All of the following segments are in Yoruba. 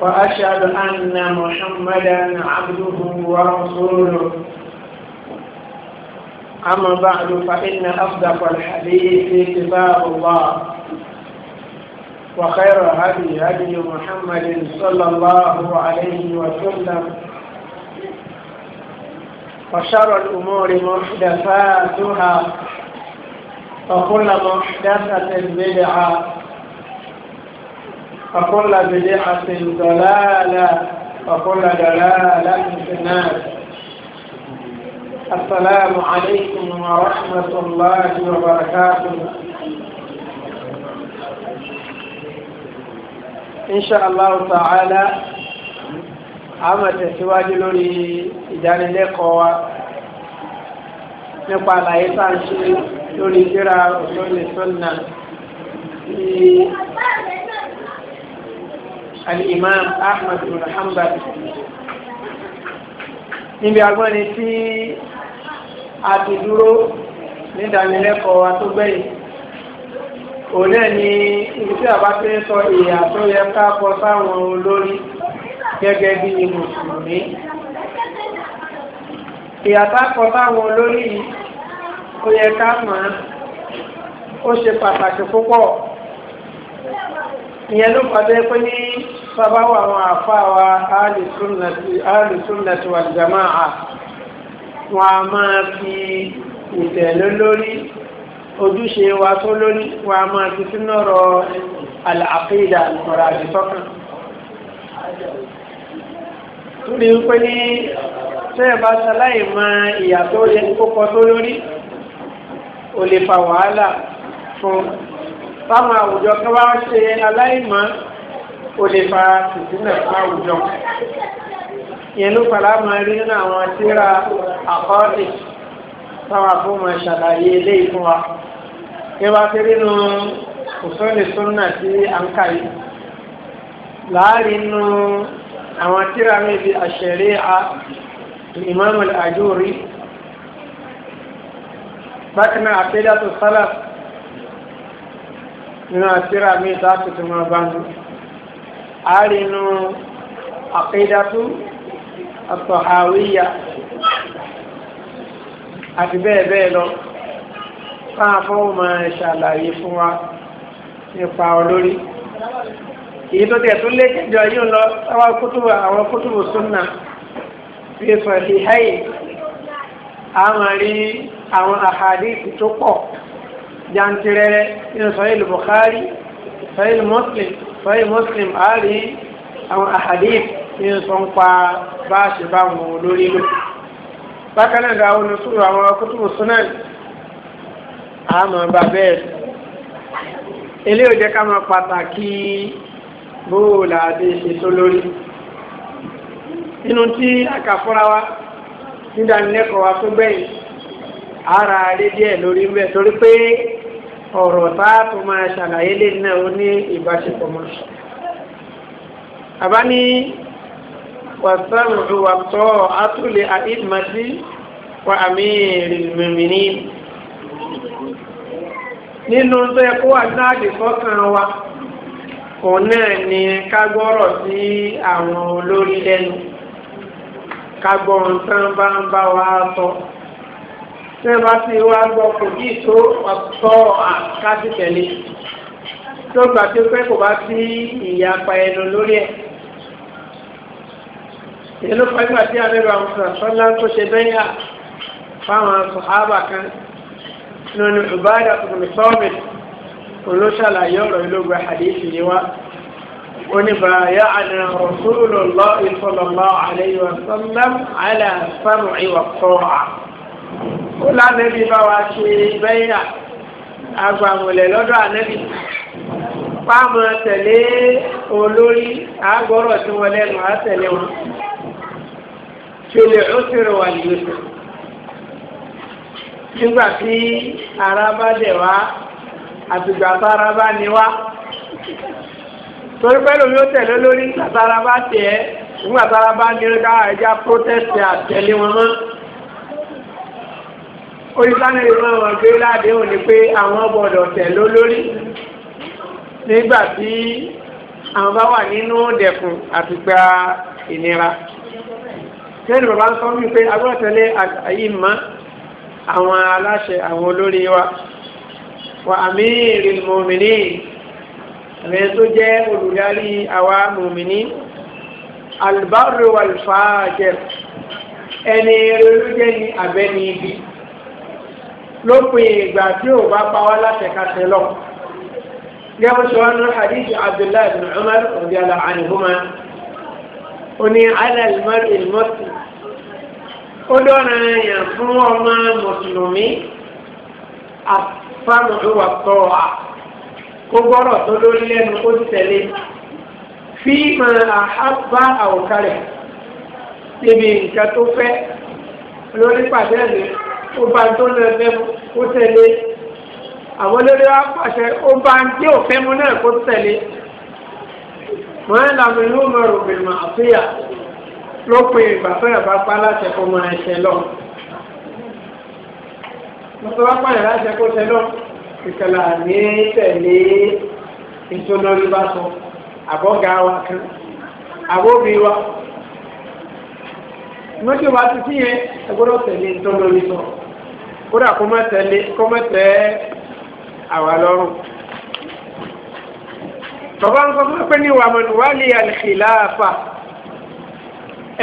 وأشهد أن محمدا عبده ورسوله أما بعد فإن أصدق الحديث كتاب الله وخير هدي هدي محمد صلى الله عليه وسلم وشر الأمور محدثاتها وكل محدثة بدعة وكل بدعة دلالة وكل دلالة في النار السلام عليكم ورحمة الله وبركاته إن شاء الله تعالى أما tẹ̀síwájú lórí ìdánilẹ́kọ̀ọ́ wa nípa àlàyé tá à ń ṣe lórí al-imam ahmed bin hanbal níbi agbọ́ni tí a ti dúró ní ìdánilẹ́kọ̀ọ́ wa tó gbẹ̀yìn òun náà ni ibi tí àbá fẹ́ sọ ìyà tó yẹ ká kọ sáwọn olórí gẹ́gẹ́ bí mùsùlùmí ìyà tá kọ sáwọn olórí yìí ó yẹ ká mọ̀ ó ṣe pàtàkì púpọ̀ ìyẹn ló fà bẹ́ẹ̀ pé ní sábà wà àwọn àfa wa alùsùnàtì wà jàmáà wọn a máa fi ìtẹ̀lé lórí ojúṣe wa tó lórí wọn a máa fi sínú ọ̀rọ̀ àlàáfíìdà ọ̀rọ̀ àdìsọ́kàn. Túlẹ̀ ń pè ní sẹ́ẹ̀bá sáláì máa ìyàtọ̀ yẹ kókọ tó lórí ó lè fa wàhálà fún un táwọn àwùjọ kan bá ṣe aláìmọ́ ó lè fa tìtúnà láwùjọ yẹn ló fara máa rí nínú àwọn tíra àkọọ́lẹ̀ táwọn àfọmọ ṣàlàyé eléyìí fún wa kí wọ́n ti rí nu òṣèlú súnà tí à ń kà yìí láàrin nu àwọn tíra mi bíi àṣẹrí a ìmáàmù àjòrí bákan náà àpéjà tó sálà nínú àtìrà mi ìta tuntun máa bá nu àárínú àkéjàtú àtọ̀háwíyà àti bẹ́ẹ̀ bẹ́ẹ̀ lọ fáwọn fọwọ́ máa ṣàlàyé fún wa nípa olórí èyí tó tẹ̀ tó lé kéjọ yìí ń lọ àwọn kútùbù àwọn kútùbù súnà bíi sọ̀lì háyè àwọn àrí àwọn àhàdí tó pọ̀ jantirẹrẹ nínú sahih bukhari sahih muslim sahih muslim àárí àwọn ahadith nínú sọ ń pa bá a ṣe bá wọn olórí lò bákan náà dáwọn olùsúrò àwọn kutubu sunan àmọ́ bá bẹ́ẹ̀ ilé ò jẹ́ ká máa pàtàkì bóòlù àti ìṣètò lórí nínú tí àkàfọ́ra wa nídánilẹ́kọ̀ọ́ wa tó gbẹ̀yìn ara rẹ̀ díẹ̀ lórí ń torí pé ọ̀rọ̀ táà tó máa ṣàlàyé lè náà ó ní ìbáṣepọ̀ mọ́. àbá ní wàsánù wàtọ́ àtúlẹ̀ àìmásí wa àmìrì mìmìnì. nínú tó yẹ kó wà sáàdì fọ́kàn wa òun náà ni ká gbọ́rọ̀ sí àwọn olórí lẹ́nu ká gbọ́ ohun tán bá ń bá wa sọ. So ṣé wá sí wá gbọ́ kò bí tó ọ̀tọ̀ àkájú tẹ̀lé tó gbà tó pé kò bá sí ìyapa ẹnu lórí ẹ̀. ìlú pẹ́gbà tí abẹ́rẹ́ àwọn sọ̀rọ̀sọ́lá tó ṣe bẹ́yà fáwọn sọ̀hábà kan nínú ìbáàdà tuntun sọ́ọ̀mì olóṣàlàyé ọ̀rọ̀ ìlógbà àdéhìí ni wá ونبايعنا رسول الله صلى الله عليه وسلم على السمع والطاعة ó lánàbí bá wa ṣe bẹ́yà agbàmùlẹ̀ lọ́dọ̀ ànẹ́bí fáàmù tẹ̀lé olórí olori tí wọ́n lẹ́nu á wọn o ó ṣèrò wà si nígbà tí ara bá dẹ̀ wá àtìgbà tára bá ní wá torí pẹ́lú mi ó tẹ̀lé lórí tára bá tẹ̀ ẹ́ nígbà bá onísànà ìmọ̀ wọn gbé ládéhùn ni pé àwọn gbọ́dọ̀ tẹ̀ ló lórí nígbà tí àwọn bá wà nínú dẹ̀kun àti gba ìnira tẹ́lẹ̀ bàbá ń sọ pé agbọ́dọ̀ tẹ̀lé àyè mọ́ àwọn aláṣẹ àwọn olórí wa wa amírí mòmìnì ẹ̀mẹ́ tó jẹ́ olùdarí àwa mòmìnì albarru wal fajir ẹni rẹ̀ ló jẹ́ ní abẹ́ni ibi lópin ìgbà tí ò bá pa wá látẹ̀kàtẹ̀ lọ. gẹ́gẹ́ sọ wọn ní hadith abdullahi bin umar radiyallahu anhuma oní alalmar ilmọ́tì ó dọ́ra yàn fún ọmọ mùsùlùmí àfàmùhùwà tọ́wà kó gbọ́rọ̀ tó lórí lẹ́nu ó tẹ̀lé fi máa àhábà àwòkálẹ̀ níbi nǹkan tó fẹ́ lórí pàtẹ́ẹ̀lì ó bá tó lọ fẹ́ mu kó tẹ̀lé àwọn olórí wa pàṣẹ ó bá ń gbé òfin mu náà kó tẹ̀lé wọn ń làmú inú mọ̀rọ̀ bìrìmọ̀ àfíyà lópin ìgbà fẹ́rẹ̀ bá pa láti ẹ̀kọ́ mọ ẹ̀ṣẹ̀ lọ. lọ́sọ̀ bá pààyàn láti ẹ̀kọ́ ṣẹ lọ ìkẹlẹ̀ àní tẹ̀lé ìtòlórí bá sọ àbọ̀gá wa kan àbóbi wa lójú wa ti fi yẹn ẹgbọ́dọ̀ tẹ̀lé ìtòlórí sọ kódà kó má tẹ̀lé kó má tẹ̀ àwa lọ́rùn. bàbá ń sọ fún pé ní wàmọ̀nù wà ní àlìkìláàfà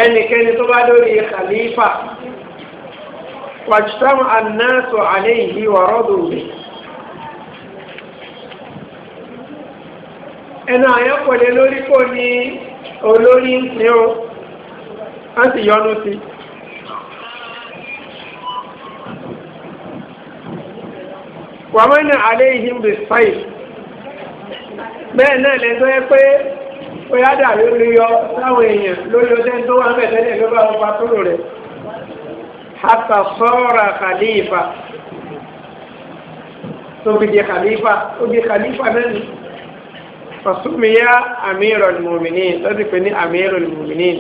ẹnikẹ́ni tó bá lórí khalifa wàjútàmù ànáàtò àlẹ́ yìí wọ̀rọ̀dù ẹnu àyàn lórí kò ní olórí ń sin ó wọ́n sì yọnu sí i. wàmánà aléhìn bí fáì bẹ́ẹ̀ náà lẹ́tọ́ yẹ pé ó yá dà ló lè yọ láwọn èèyàn lórí ọjọ́ tó wà mẹ́tẹ́ lè ló bá wọn pa rẹ̀ hàtà sọ́ọ̀rà kàlífà tó fi di kàlífà ó di kàlífà náà ni fàṣùmíyà amíròl mùmìnín lọ́sì pé ní amíròl mùmìnín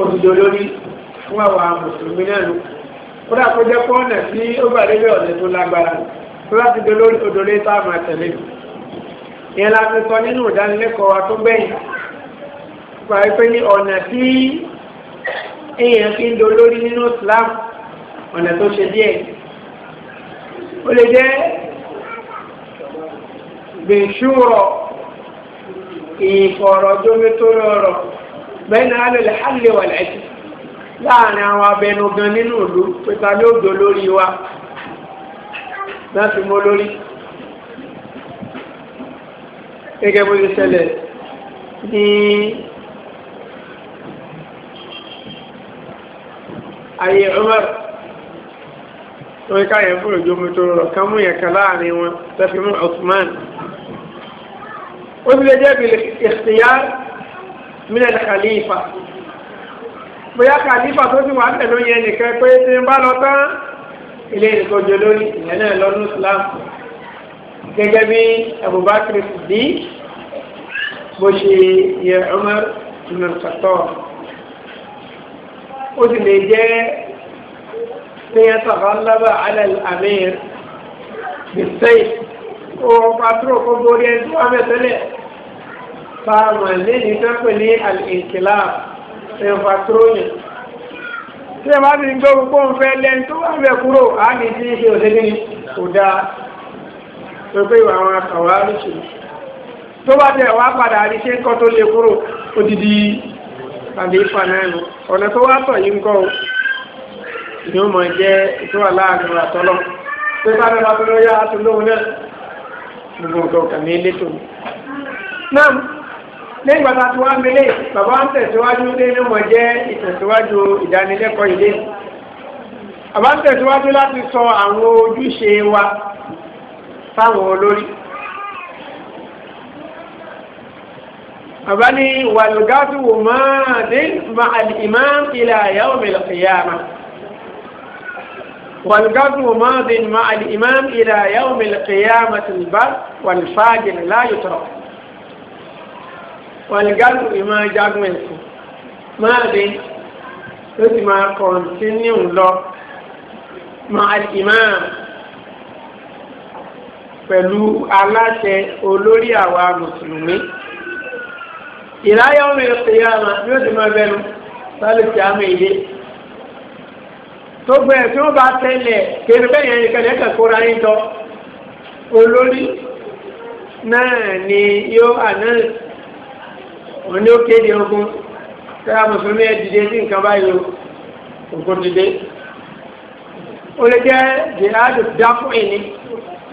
ó ti dolórí fún àwọn mùsùlùmí náà ó dà kó jẹ́ pé ọ̀nà tí ó gbà débẹ̀ ọ̀nà tó lágbára tó láti dé lórí òdòdó tá a máa tẹ̀lé ìyẹn la ti sọ nínú ìdánilẹ́kọ̀ọ́ wa tó gbẹ̀yìn nípa pé ní ọ̀nà tí èèyàn fi ń do lórí nínú Islam ọ̀nà tó ṣe díẹ̀ ó lè jẹ́ bìṣúrọ̀ ìfọ̀rọ̀jomitoro ọ̀rọ̀ bẹ́ẹ̀ ni alẹ́ lè hàlẹ́ wà láìsí láàrin àwọn abẹnugan nínú ìlú pẹ̀ta ní òjò lórí wa láti mọ́ lórí gẹ́gẹ́ bó ṣe ṣẹlẹ̀ ní ayé Umar tó ń káyẹ̀ fún òjò mi tó rọ̀ ká mú yẹn láàrin wọn láti mú Usman ó ti lè jẹ́ bil ikhtiyar min al khalifa bóyá kàlífà tó sì wà tẹ̀lé yẹn nìkan pé tí ń bá lọ tán ilé ìtọ́jú lórí ìyẹn náà lọ́nu Islam gẹ́gẹ́ bí Abubakar di bó ṣe yẹ Umar ibn ó sì lè jẹ́ tí yẹn alẹ́ amir bisayf ó patrol kó borí ẹni tó wà mẹ́tẹ́lẹ̀ fáwọn lẹ́yìn tó ń pè ní al ẹ̀fà tróyìn tí ẹ bá ti ń gbọ́ gbogbo ń fẹ́ lẹ́nu tó bá bẹ̀ kúrò á ní tí ṣe òṣèlú ni kò dáa tó pé ìwà àwọn akàwà ríṣì tó bá tẹ̀ wá padà rí ṣe kọ́ tó lè kúrò odidi tàbí fanáàlú ọ̀nà tó wá tọ̀ yìí ń kọ́ o ni ó mọ̀ jẹ́ tó wà àtọ́lọ́ pé sáré bá tó lóyá àtúndóhun náà gbogbo nǹkan kàmí létò náà lẹ́yìn bàtà tí wọ́n mele bàbá ń tẹ̀síwájú nínú mọ̀ jẹ́ ìtẹ̀síwájú ìdánilẹ́kọ̀ọ́ ilé bàbá ń tẹ̀síwájú láti sọ àwọn ojúṣe wa fáwọn olórí. bàbá ní wàlúgàtù wò máa dé máa imam ila yawm al-qiyamah والقدر ماض مع الإمام إلى يوم القيامة البر والفاجر pàlígàtù ni máa jágùn ẹ̀sìn máa rí ló sì máa kọ̀ǹtínú lọ máa ìmáà pẹ̀lú aláṣẹ olórí àwa mùsùlùmí ìráyọ̀ mi ìyá àmà bí ó ti máa bẹnu sálùkì àmì ìdè tó gbẹ tí wọn bá tẹ́lẹ̀ kéré bẹ́ẹ̀ yẹn kẹlẹ kẹkọọra yín tọ olórí náà ni yóò announce òun ni ó kéde ogun kẹ́ra mùsùlùmí ẹ̀ dìde sí nǹkan báyìí ogun dìde ó lè jẹ́ jihad dákú ìní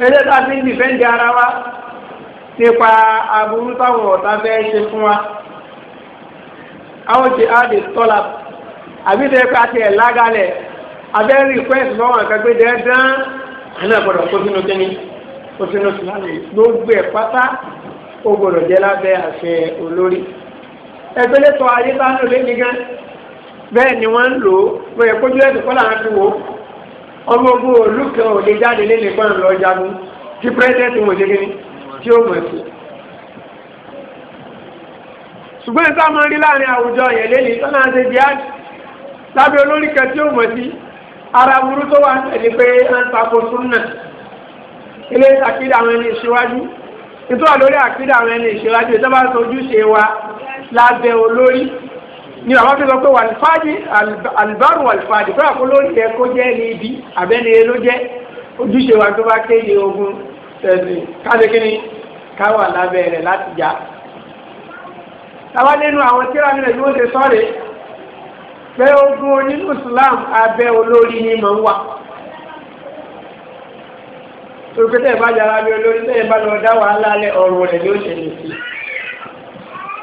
ẹgbẹ́ tá a ti ń dìfẹ́ǹdì ara wa nípa aburú táwọn ọ̀tá fẹ́ ṣe fún wa àwọn jihad tọ́lá àbí tẹ́ pé a ti ẹ̀ lágalẹ̀ abẹ́ request fún àwọn akẹgbẹ́ dẹ́ẹ́dán àná gbọ́dọ̀ kó sínú kínní kó sínú sùlámù gbogbo ẹ̀ pátá ó gbọ́dọ̀ jẹ́ lábẹ́ àṣẹ olórí ẹgbẹ́lẹ́ sọ ayé bá ń lò lẹ́ni gan bẹ́ẹ̀ ni wọ́n ń lò ó bẹ́ẹ̀ kójú ẹ̀sùn kọ́ làwọn ti wò ó ọmọ ogun òlù kan ò lè jáde lé nìkan lọ jagun tí pírẹ́sẹ̀tì wọn ṣe kíni tí ó mọ̀ sí. ṣùgbọ́n ìta máa rí láàrin àwùjọ yẹn lẹ́ni tó náà ṣe jihad lábẹ́ olórí kan tí ó mọ̀ sí ara burú tó wà ní pé à ń tako súnà lábẹ́ olórí ni àwọn fi sọ pé wàlfàdì alibaru wàlfàdì fún àkó lórí ẹ kó jẹ́ ní ibi àbẹ́ni ló jẹ́ ojúṣe wa tó bá kéde ogun tẹ̀sí káṣekínní káwà lábẹ́ rẹ̀ láti jà. táwa nínú àwọn tíra nílẹ̀ yóò ṣe sọ́ọ̀rẹ́ pé ogun onínú Islam abẹ́ olórí ni mò ń wà torí pé tẹ́ẹ̀ bá jara bí olórí tẹ́ẹ̀ bá lọ dá wàhálà lẹ ọ̀rọ̀ rẹ̀ ló ṣe nìyí.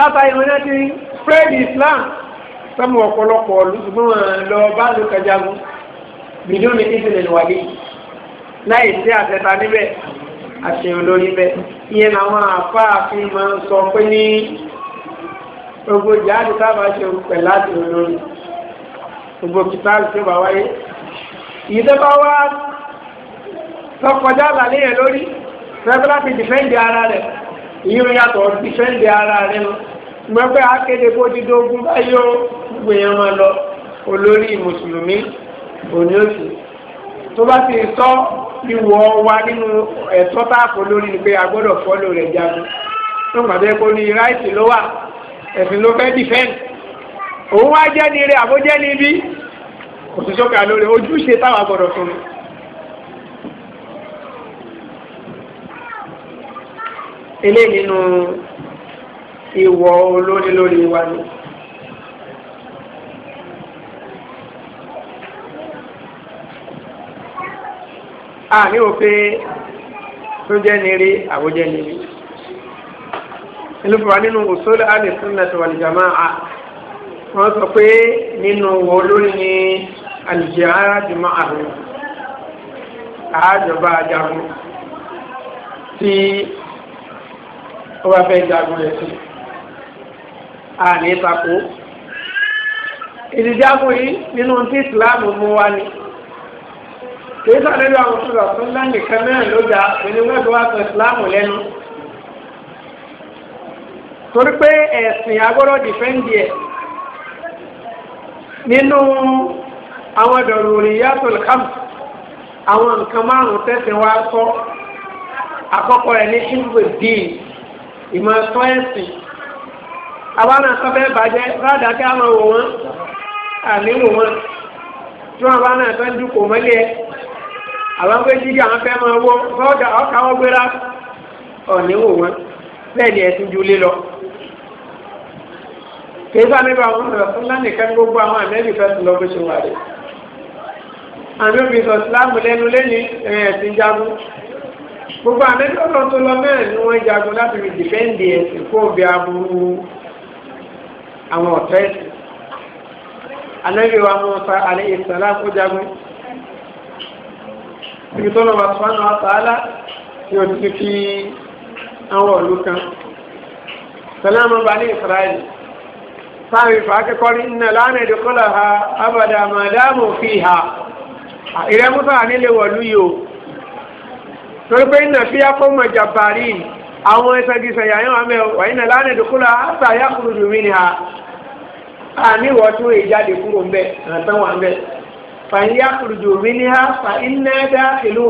látàrí wọn náà ti spread Islam sọmọ ọ̀pọ̀lọpọ̀ ṣùgbọ́n lọ bá ló kẹjagun bìdó ní ìdílé ìwádìí láì sí àtẹta níbẹ̀ àti olórí bẹ́ẹ̀ ìyẹn làwọn àfáàfin máa ń sọ pé ní gbogbo jáde sábà ṣe pẹ̀ láti olórí gbogbo kìtàlù tó bá wáyé ìjọba wa lọkọjá àlàyé yẹn lórí rẹ́gbẹ́lá ti dìfẹ́ǹdì ara rẹ̀ ìyóò yàtọ̀ dífẹ́ǹdì ara rẹ lọ mọ̀pẹ́ akéde kó dídó ogun báyìí ó gbogbo èèyàn máa lọ olórí mùsùlùmí òní òsì tó bá ti sọ ìwọ wa nínú ẹ̀tọ́ tá a kò lórí ni pé a gbọ́dọ̀ fọ́lò rẹ̀ jagun tó gbàgbé kó ní ráìtì ló wà ẹ̀sìn ló fẹ́ dífẹ́ǹdì òun wá jẹ́ ni rẹ̀ àbójẹ́ ni bí òṣìṣọ́kà lórí ojúṣe táwa gbọ́dọ̀ fún mi. eléyìí nínú ìwọ olórí lórí wa ni. àmì òfin tó jẹ́ nírí àwòjẹ́ nírí ìlúfọ̀wá nínú usul al-sunnah wal jama'ah wọ́n sọ pé nínú olórí ni al-jihad ma'ahum àjọba àjàmú tí tó bá fẹ́ jagun rẹ̀ sí àní tako ìdíjagun yìí nínú tí ìsìláàmù mú wá ni kìí sàlẹ́lú àwọn tó lọ fún láǹgì kan náà ló jà pẹ̀lú wẹ́ẹ̀dù wá sọ ìsìláàmù lẹ́nu torí pé ẹ̀sìn agbọ́dọ̀ dìfẹ́ǹdì ẹ̀ nínú àwọn dọ̀rùrì yàtọ̀ lẹ́kàm àwọn nǹkan márùn-ún tẹ̀sìn wá sọ àkọ́kọ́ rẹ̀ ní ṣíbùdíì ìmọ̀ ẹ̀kọ́ ẹ̀sìn àwọn àtọ́ fẹ́ bàjẹ́ rádà kí a máa wò wọ́n àní wò wọ́n tí wọ́n bá náà fẹ́ dúkò mọ́lẹ̀ ẹ̀ àwọn pé jíjí àwọn fẹ́ máa wọ́ ọ̀dà ọ̀ka wọ́n gbéra ọ̀ní wò wọ́n bẹ́ẹ̀ ni ẹ̀sìn ju lé lọ. kìí sáà nípa àwọn ọ̀rọ̀ fún lánìkan gbogbo àwọn àmẹ́bí fẹ́ sùn lọ bó ṣe wà rẹ̀ àmì òbí sọ̀ gbogbo àmẹ́tí ọ̀nà tó lọ náà ni wọ́n jagun láti fi dìfẹ́ǹdì ẹ̀sìn kó bí aburú àwọn ọ̀tá ẹ̀sìn anabi wa musa alayhi salam ó jagun ibi tó lọ́wọ́ sọ́nà àtàlà tí ó ti fi àwọn ọ̀lú kan salamu bani israeli sáàmì fàákẹ́kọ́rí iná lánàá ìdíkọ́lá ha abàdà màdámù fi ha ìrẹ́mùsà nílé wọ̀lú yìí o torí pé iná fíyà fọmọ jàbàrí àwọn ìsàgìsàyà yẹn wà mẹ wàyí náà lánàá ìdókòlá àtà yà kúrò lùmí ni ha àní wọ́n tún ìjáde kúrò ń bẹ àtàn wà ń bẹ fa yà kúrò lùmí ni ha fa iná dá ìlú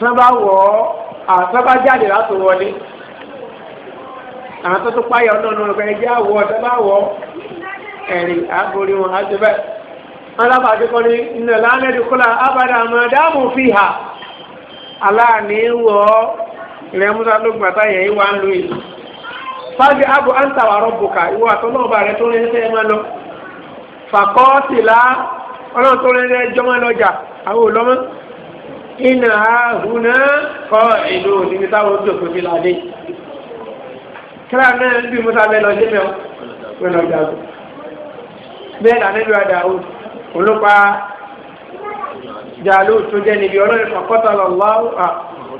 sábà wọ àtàbà jáde láti wọlé àwọn tó tó páyà ọ̀nà ọ̀nà ọ̀gá sábà wọ ẹ̀rì àgórí wọn àti bẹ́ẹ̀. alábàájúkọ́ ní iná lánàá dùkúlà abàdà damu fi hà aláàní wọ ilẹ̀ musa ló gbàtà yẹn lu ìlú fáàgì abu anta wà rọ́bùkà ìwọ àtọ́nàbà rẹ tó rẹ́ sẹ́yìn máa lọ fàkọ́ọ̀tìlá ọlọ́run tó dza fi kíláà bí musa olùpa jàló tó jẹ́ níbi ọlọ́run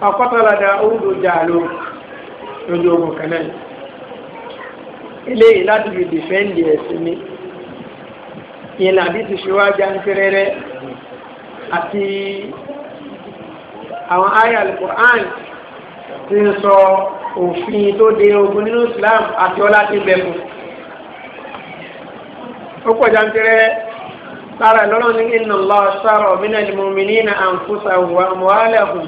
ọ̀kọ́tọ̀lá Dáúdù jàló lójú ogun kan náà eléyìí láti fi dìfẹ́ǹdì ẹ̀sìn ni ìyẹn làbí ti ṣíwájú àǹtẹ̀rẹ̀rẹ̀ àti àwọn àyà alukur'an ti ń sọ òfin tó de ogun nínú Islam àti ọlá ti bẹ̀ fún ó pọ̀ jàǹtẹ̀rẹ̀rẹ̀ lára ìlọ́run ní inna Allah shtara mina al-mu'minina anfusahum wa amwalahum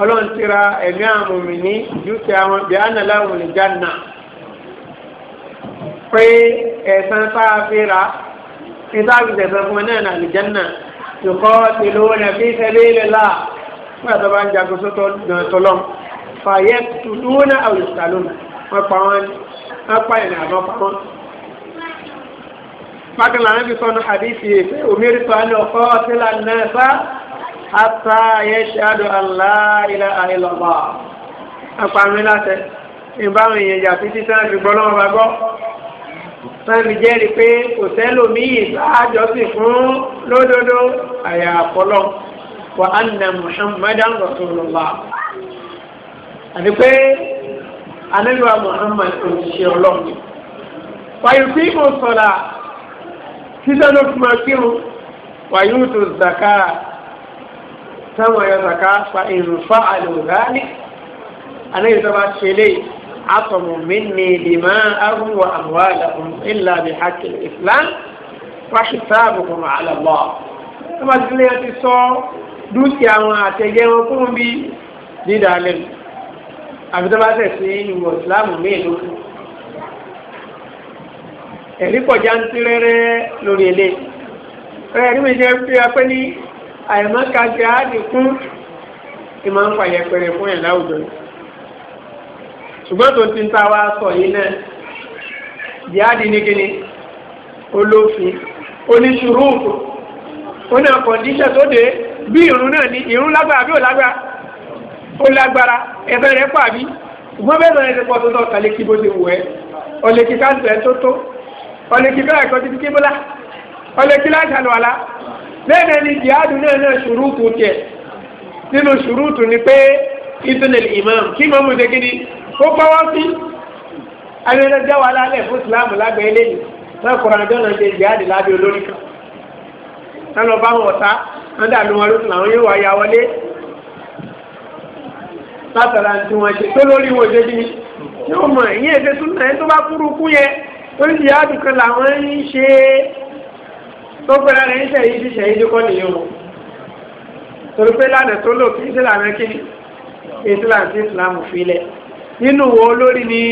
ọlọ́run ti ra ẹ̀mí àwọn mùmìnì dúkìá wọn bí á nàlá òun lè jáná pé ẹ̀sán sáfíra ìtàkì tẹ̀sán fún náà nà lè jáná ìkọ́ tìlú nàbí sabilillah fún àtọ́bá ń jagun sótọ́ tọ́lọ́m fàyẹ́ tùdúnà àwòsàlùm wọ́n pa wọn wọ́n pa ìrìn bákan náà níbi sọ́nù hadithi yìí pé omiri tó ní ọkọ́ sílá nẹ́ẹ̀sá àtà yẹ ṣáàdù àlá ilẹ̀ àìlọ́gbà. apá mi láti ìbáwọn èèyàn jà títí sáà fi gbọ́ lọ́wọ́ bá gbọ́. sáà mi jẹ́rìí pé kò sẹ́lò míì sáájọ́ sì fún lódodo àyà wa anna muhammadan rasulullah. àti pé anáyọ̀ muhammad òṣìṣẹ́ ọlọ́run. wàyí fíìmù sọ̀rọ̀ sísẹ́ ló fi máa kírun wàyí tó zaka táwọn ẹ̀yọ́ zaka fa ìrùfà àlùgáàlì anáyìí tó bá ṣe lé àtọ̀mù mi ní ìdìmọ́ àrùwà àwọn àlàkùn ìlà bí hakil islam wáṣí sáàbù kùn àlàbọ̀ tó bá tilẹ̀ ti sọ dúkìá wọn àtẹ̀jẹ́ wọn fún bí dídà lẹ́nu àbí tó bá tẹ̀ ìwọ̀ ìsìlámù mí ìlú ẹ̀rí pọ̀já ń tí rẹ́rẹ́ lórí ilé rẹ̀ rí mi jẹ́ pé a pẹ́ ní àìmọ́ka jẹ́ àdìkún ìmọ̀ ń fa yẹpẹrẹ fún ẹ̀ láwùjọ ṣùgbọ́n tó ti ń ta wá sọ yìí náà jihadi ní kíni olófin oníṣùrùkù ó náà kọ̀ǹdíṣà tó dé bí irun náà ni irun lágbára bí ò lágbára ó lágbára ẹ̀fẹ́ rẹ̀ pàbí ṣùgbọ́n bẹ́ẹ̀ sọ̀rọ̀ ẹ̀ ti pọ̀ tó tọ̀ kàlẹ́ kí bó ti wù ẹ́ ọ̀lẹ́kí káńtì rẹ̀ tó tó ọ̀lẹ́kì bẹ́ẹ̀ kọ́ títí kíbúlá ọ̀lẹ́kì láṣàlùwàlá lẹ́ẹ̀dẹ̀ ni jihadu náà náà ṣùrùtù tiẹ̀ nínú ṣùrùtù ni pé ìtúnẹ̀lì imam kí mọ́mú ṣe kí ni ó gbọ́wọ́ sí ayélujára wà lálẹ́ fún ìsìláàmù lágbẹ̀ẹ́ lẹ́yìn náà kọ́ra ọjọ́ náà ṣe jihadi lábẹ́ olórí kan náà lọ bá wọn ọ̀tá wọn dàbí wọn lóṣù làwọn yóò wá ya wọlé látara tí wọn ṣe tó lórí wọn ṣe bí yóò mọ ìyẹn ṣe tún torí jihadu kan làwọn ń ṣe tó pẹ́lá rẹ̀ ń ṣẹ̀yí ti ṣẹ̀yí tó kọ́ nìyẹn o torí pé lánàá tó lò kí ìsìlámù kíni ìsìlámù sí ìsìlámù filẹ̀ nínú wo olórí ní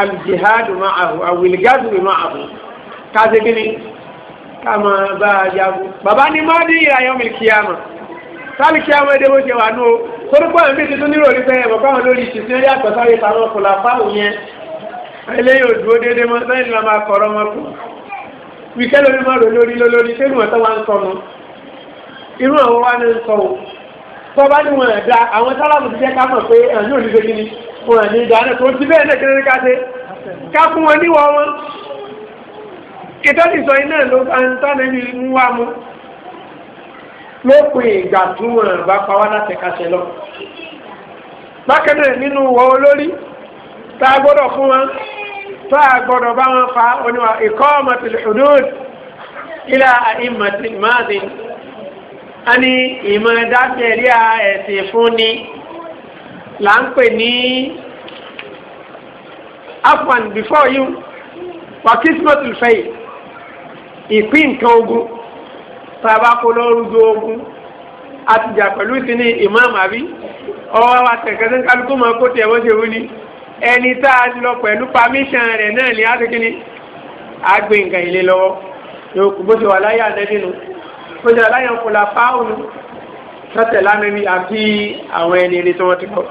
alìjihadu ma'ahu awìlìgádù ma'ahu káṣe kíni ká máa bá a jagun bàbá ní má dín ìrayọ mílíkìyàmà sálìkìyàmà èdè bó ṣe wà nù o torí pé àwọn méjì tó nírò orí pé ẹ̀mọ̀ káwọn lórí ìṣìṣẹ́ yàtọ̀ sáré tàwọn kò eléyìí ò dúró déédéé mọ́ sẹ́yìn lọ́ọ́ máa kọ̀ọ̀rọ̀ wọn kù wíkẹ́ lórí máa rò lórí lórí ṣé ìwọ̀n tó wá ń sọ nu irú àwọn wa ni ń sọ o tó bá ní wọn ẹ̀dá àwọn sáláàmù ti jẹ́ ká mọ̀ pé ẹ̀yìn ò ní ṣe kíni wọn ní ìdá náà tó ti bẹ́ẹ̀ náà kéré ká ṣe ká fún wọn níwọ̀ wọn ìtọ́jú iná ló ń níbi mú wa mu lópin ìgbà tí wọn bá pa wá láti kàṣẹ lọ bákan náà nínú wọ olórí tá a gbọ́dọ̀ fún wọn tó a gbọ́dọ̀ bá wọn fa oníwà iqamatul hudud ila a'immatil madin a ní ìmọ̀ dábẹ̀rí ẹ̀sìn fún ni là ń pè ní afwan before you wa kismatul fay ìpín nǹkan ogun tá a bá kó lọ́rùgbó ogun a pẹ̀lú sí ní ìmọ̀ àmàbí ọwọ́ wa tẹ̀kẹ́ kálukú mọ́ kó tiẹ̀ ṣe wú ẹni tá a lọ pẹ̀lú pàmíṣàn rẹ̀ náà ní asekini agbe nǹkan ilé lọ́wọ́ yóò kú bó ṣe wà láyé ànẹ́bí nu bó ṣe wà láyé ọ̀pọ̀lá fáwọn nu sọ́tẹ̀ lánàbí àti àwọn ẹni eré tí wọ́n ti kọ́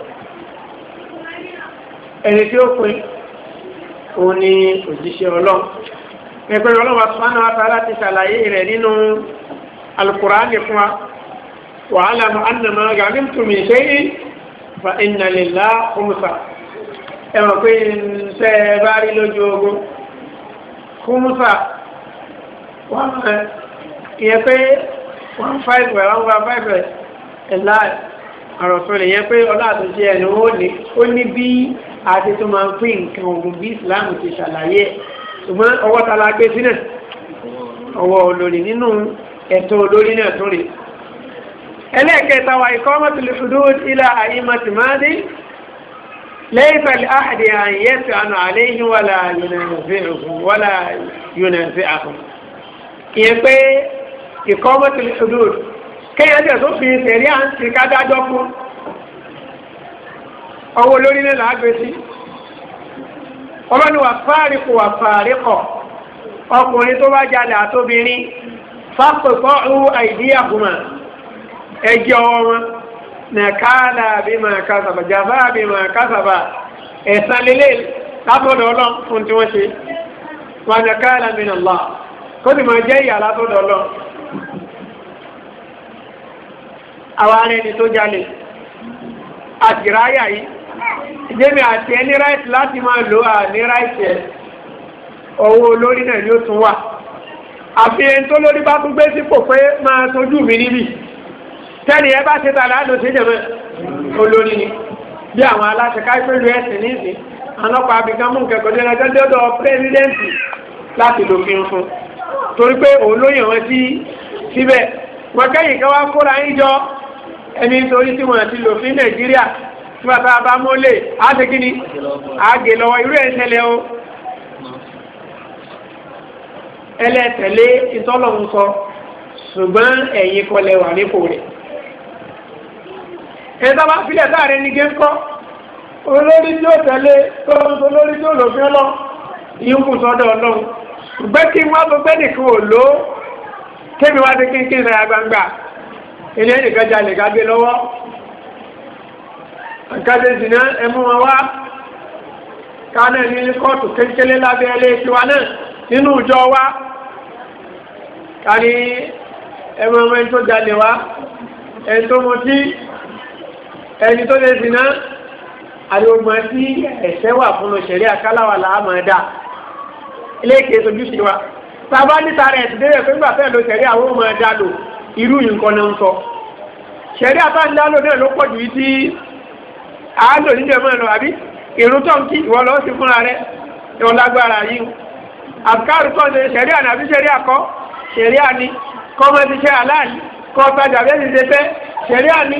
ẹni tí ó pin òun ni òjíṣẹ́ ọlọ́run ẹgbẹ́ ọlọ́run asọ́nà àtàlà ti ṣàlàyé rẹ̀ nínú alukur'ani fún wa wàhálà mu annama gàmí ṣe é fa ìnàlélá kùmùsà ẹ̀rọ pé ṣe ẹ bá rí lójú ogun kúmùsà wọ́n ìyẹn pé one five rẹ̀ one one five rẹ̀ ẹ̀là àròsọ rẹ̀ yẹn pé ọlá àtúnṣe ẹni ó ní ó ní bí àti tó máa ń pín nǹkan ogun bí Islam ti ṣàlàyé ṣùgbọ́n ọwọ́ ta la gbé sílẹ̀ ọwọ́ olórí nínú ẹ̀tọ́ olórí náà tó rè ẹlẹ́ẹ̀kẹta wa ìkọ́ mọ́tòlùfùdó ilá àyè mọ́tìmáàdì ليس لأحد أن يسأل عليه ولا ينازعكم ولا ينازعكم ìyẹn pé ìkọ́mọ́tìlì ṣùdúr kéèyàn jẹ́ tó fi tẹ̀lé à ń ti ká dájọ́ fún ọwọ́ olórí náà lágbé sí ọba ni wà fáàrí kò wà fáàrí kọ̀ ọkùnrin tó bá jalè àtobìnrin fáfọ̀fọ́ ọ̀hún nàkàlà bímà kásàbà jàfà bímà kásàbà ẹ̀sán lélẹ̀ látọ̀dọ̀ ọlọ́run fún tí wọ́n ṣe wọn nàkàlà min Allah kó sì máa jẹ́ ìyà látọ̀dọ̀ ọlọ́run. àwa arẹ ni tó jalè àtìráyà yìí ìjẹ́mi àti ẹni ráìtì láti máa lò á ní ráìtì ẹ̀ owó olórí náà ni ó tún wà àfihàn tó lórí bá tún gbé sípò pé máa tẹ́lẹ̀ ẹ bá ṣe tà láàdó ṣe jẹ́ olórí ni bí àwọn aláṣẹ káìpẹ́ lu ẹ̀sìn níìsín ọlọ́pàá abìkan mú nǹkan kọjá lọ́jọ́ dọ́dọ̀ pírẹ́sidẹ́ǹtì láti lòfin fún torí pé òun ló yàn wọ́n sí síbẹ̀ wọ́n kẹ́yìn kan wá kóra yín jọ ẹni torí tí wọ́n ti lòfin nàìjíríà tí wọ́n bá bá mọ́lẹ̀ á ṣe kí ni àgè lọ́wọ́ irú ẹ̀ ṣẹlẹ̀ o ẹlẹ́tẹ̀lé ìtọ́lọ́hún sọ ṣùgbọ́n ẹ̀yin kọlẹ̀ wà nípò rẹ̀ ẹ̀dá bá filẹ̀ láàrin ní gẹ́ńkọ́ olórí tí ó tẹ̀lé tó olórí tí ó lò fi ọlọ́ ìhùkù sọ́dọ̀ ọlọ́run ṣùgbọ́n kí wọ́n tó gbé nìkan ò lò ó kébi wá sí kínkín náírà gbangba ilé nìkan jalè kágbé lọ́wọ́ àkàdé jìnnà ẹmú wọn wá kánà ní kóòtù kékeré lábẹ́ ilé tiwa náà nínú ìjọ wa kárí ẹmọ ọmọ ẹni tó jalè wá ẹni tó mutí ẹni tó lè zina àdéhùnmọ́ tí ẹ̀sẹ̀ wà fún un ṣẹ̀rí àkàláwà iléèké sojú wa tàbá níta rẹ̀ ti dé ẹ̀fẹ́ nígbà fẹ́ẹ̀ lọ ṣẹ̀rí àwọn ọmọ ẹ̀dá lò irú nǹkan náà ń sọ ṣẹ̀rí àbáńdá lò náà ló pọ̀ jù yìí tí àádọ́ níjẹ̀mọ́ lọ àbí ìrún tó ń kí ìwọ lọ́ọ́ sí fúnra rẹ̀ ìwọ lágbára yìí àbùkárù tó ń ṣe ṣẹ̀rí àná àbí ṣẹ̀rí àkọ ṣẹ̀rí àní kọ́mọ ti ṣe aláàlí kọ́ ọ̀tajà bẹ́ẹ̀ ti ṣe fẹ́ ṣẹ̀rí àní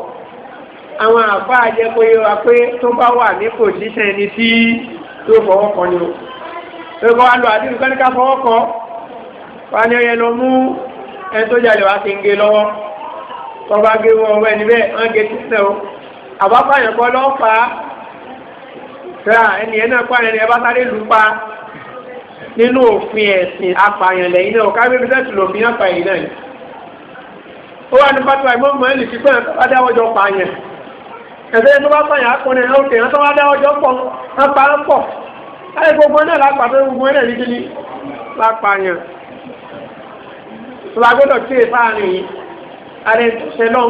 àwọn àfa àjẹpẹ́ wa pé tó bá wà ní pòṣíṣẹ́ ẹni tí tó fọwọ́ kan ni o lóko wa lọ àdúgbò kan ní ká fọwọ́ kan wa ni ọyẹ lọ mú ẹni tó jalè wá ti ń gé lọ́wọ́ tó bá gé wọn ọwọ́ ẹni wọ́n gé títẹ̀ o àbáfàyàn kọ́ lọ́ fà á ra ẹni ẹ̀ náà pààyàn ni ẹ bá sáré lù ú pa nínú òfin ẹ̀sìn apààyàn lẹ́yìn náà ọ̀ká bíbí sẹ́tù lòfin apààyàn náà ó wà ní pátá ìmọ̀ọ́mọ́ ẹ̀ lè fi pẹ́ ẹ̀fẹ́ tó bá pààyàn akọni ẹ̀ òkè wọn tó wá dá ọjọ́ pọ̀ wọn pa ń pọ̀ láì gbogbo náà lápàtó gbogbo náà ní kíni lápàyàn tó bá gbọ́dọ̀ tí ì fáàrin yìí ààrẹ ṣe lọ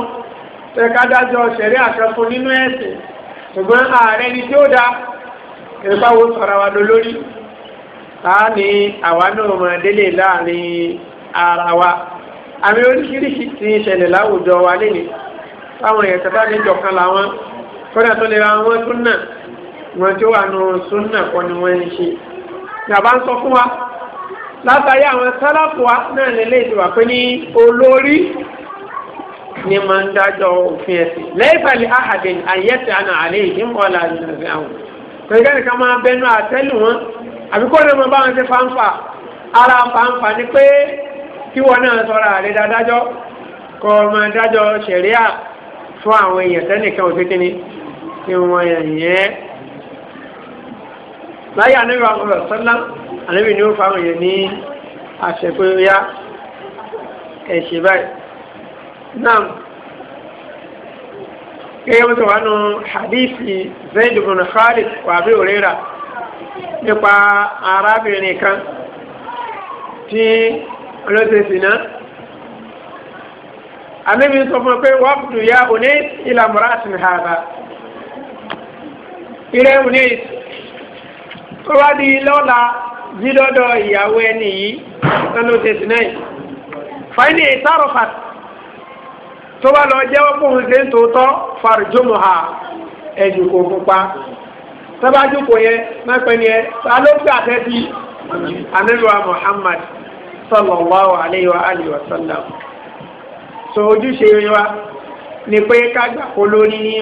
ṣe ká dájọ́ ṣẹ̀rí àkẹ́kọ̀ọ́ nínú ẹ̀sìn ṣùgbọ́n ààrẹ ni tí ó da ìpawó sọ̀rọ̀ wa lọ lórí ta ni àwa náà mọ̀ délé láàrin ara wa àmì oríṣiríṣi ti ṣẹlẹ̀ láwùjọ wa lénìí táwọn èèyàn tẹ́tà níjọ kan làwọn kódà tó lè ra wọn súnà wọn tí ó wà nù súnà kọ́ ni wọ́n ń ṣe yàrá ń sọ fún wa látàrí àwọn sálàfù wa náà lè lè pé ní olórí ni máa ń dájọ́ òfin ẹ̀sìn lẹ́yìn pẹ̀lú ahàdìn àyẹ̀tì àná àlẹ́ ìdímọ̀lá ìrìnàjò àwọn kẹ̀kẹ́ nìkan máa bẹnu àtẹ́lù wọn àbí kó lè mọ bá wọn ṣe fanfa ara fanfa ni pé kí wọn náà sọra àlẹ́ dájọ́ kọ́ máa dájọ́ ṣẹ̀ríà fún àwọn èèyàn tẹ́nìkan òṣèkínní ìwọ̀n ẹ̀yẹ́ láyé anábì wa mọ̀lọ̀ sọ́lá anábì ni ó fa àwọn èèyàn ní àṣẹ pé ó yá ẹ̀ṣẹ̀ báyìí náà gẹ́gẹ́ bó ti wà nù hadithi zayd ibn khalid wà bí òrera nípa arábìnrin kan tí olóṣèṣì náà anábì sọ fún mi pé wàá bùdù ya òní ìlàmúrà àti nìhàbà. ìrẹ́ òní tó bá di lọ́la jí lọ́dọ̀ ìyàwó ẹni yìí lọ́nà tẹ̀sí náà fàyínì ìtàrọ̀fà tó bá lọ jẹ́wọ́ pé ṣe ha ẹ̀jù kò pupa sábàjú kò yẹ mẹ́pẹ́ ni ẹ ta ló gbà tẹ́tí anábìwá Muhammad sallallahu alayhi wa alihi wa sallam Sọ ojúṣe wa ni pé ká kó lórí ní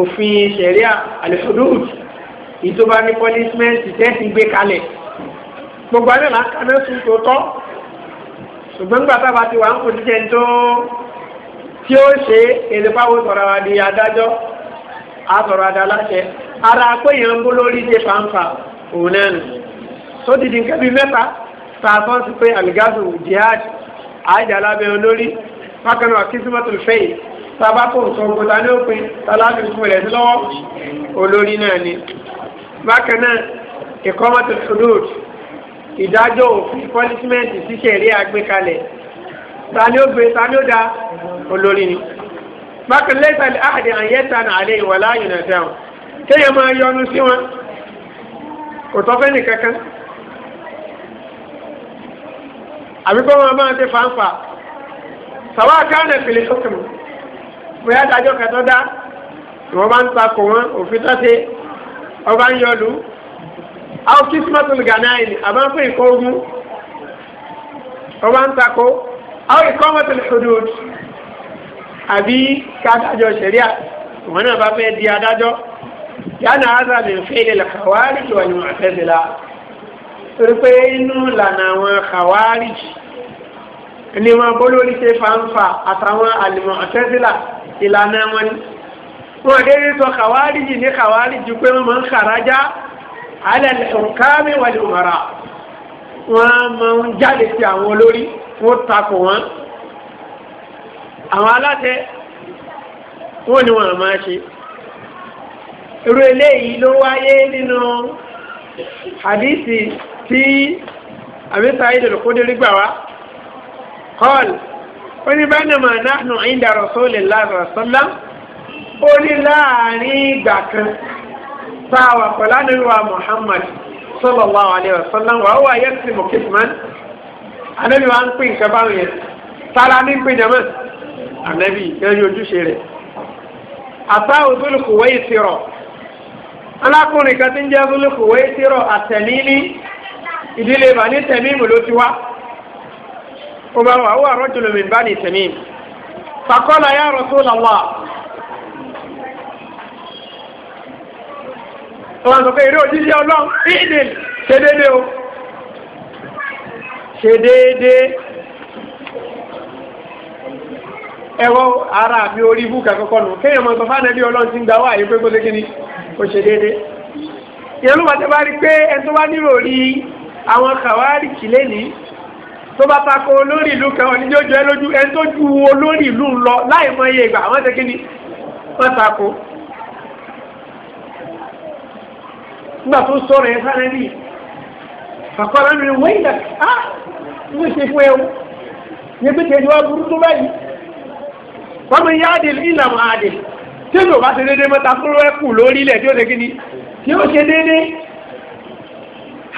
òfin ṣẹ̀ríà àlùfòdùd ìjọba ní pọ́lísímẹ́ǹtì tẹ́sí gbé kalẹ̀ gbogbo alẹ́ là ń kaná sùn tó tọ́ ṣùgbọ́n nígbà tá a bá ti wà ń kò jíjẹ tó tí ó ṣe èlépáwò sọ̀rọ̀ àdì adájọ́ àsọ̀rọ̀ àdà aláṣẹ ara péyàn ń bó lórí ṣe fàǹfà òun náà nù tó dìdì nǹkan bíi mẹ́ta tààtàn sí pé àlùgázù jihad àìjà lábẹ́ olórí bákan náà kí símọ́tò fẹ́yìí sábà kò ń sọ gbogbo ta ní òpin tálábì fún rẹ̀ sí lọ́wọ́ olórí náà ni. bákan náà ìkọ́mọ́tò sùdúùd ìdájọ́ òfin pọ́lísímẹ́ǹtì ṣíṣẹ̀rí àgbékalẹ̀ ta ni ó gbé ta ni ó da olórí ni. bákan lẹ́sà lè áhàdì àyẹ́ta náà àlẹ́ ìwàlá yìnyín dáhùn kéèyàn máa yọnu sí wọn kò tọ́fẹ́ nìkankan àbíkọ́ wọn máa ń dé fàǹfà sàwọn àkáńdà pèlè sókè mọ́ bóyá dájọ́ kan tó dá ìwọ́n bá ń takò wọn òfin tó ṣe ọba ń yọlu àwọn kismatul ganayin àbá ń pè é kóògùn ọba ń takò àwọn ikọ́mọ̀tòlù hudud àbí kádájọ́ ṣẹ̀ríà ìwọ́n náà bá fẹ́ di adájọ́ yánà áza min fi'l al-khawarij wal mu'tazila torí pé inú lànà àwọn khawarij ni wọn bólórí ṣe fanfa àtàwọn al-mu'tazila ìlànà wọn ni wọn déédéé sọ kàwáríjì ní kàwáríjì pé wọn máa ń kàrájá alẹ́ nǹkan wàlẹ̀ òmàrà wọn máa ń jáde sí àwọn olórí wọn takò wọn àwọn aláṣẹ wọn ni wọn máa ṣe irú eléyìí ló wáyé nínú hadisi tí àbí Sa'id al-Khudri gbà wá kọ́ọ̀lù oníbànàmà nahnu inda rasulillahi sallam ó ní láàrin ìgbà kan tá a wà pẹ̀lú ànábìwá Muhammad sallallahu alayhi wa sallam wà ó wà yẹ ti mọ̀kìtìmán ànábìwá ń pè nǹkan báwọn yẹn sára ní pè jẹ́mọ́ ànábì yẹn ojúṣe rẹ̀ àtà òzúlùkù wẹ́yì ti rọ̀ alákùnrin kan ti ń jẹ́ òzúlùkù wẹ́yì ti àtẹ̀mí ní ìdílé bàní tẹ̀mí mú ló ti wá. عمر وهو رجل من بني تميم فقال يا رسول الله wọ́n sọ pé eré òjijì ọlọ́run ìdìl ṣe déédéé o ṣe déédéé ẹwọ́ ara àbí orí búkà kọ́kọ́ nù kéèyàn mọ̀ sọ́fà nẹ́bí ọlọ́run ti ń gbà wáyé pé kó ṣe kíni ó ṣe déédéé ìyẹn ló wà tẹ́ bá rí pé ẹni tó bá nírò rí àwọn kàwárì kìlẹ́ nìí tó bá tako olórí ìlú kan oníjójú ẹ lójú ẹni tó ju olórí ìlú lọ láì mọ iye ìgbà wọn ṣe kí ni wọn tako. nígbà tó sọ̀rọ̀ ẹ sáré ní àkọlá mi wọ́n yìí dàgbà á ní ah, ṣe fún ẹ o ní bí kejì wá burú tó báyìí. wọ́n mi yá àdè ìlànà àdè tí yóò bá ṣe déédéé mọ́ta fúnra ẹ kù lórí ilẹ̀ tí ó ṣe kí ni tí ó ṣe déédéé.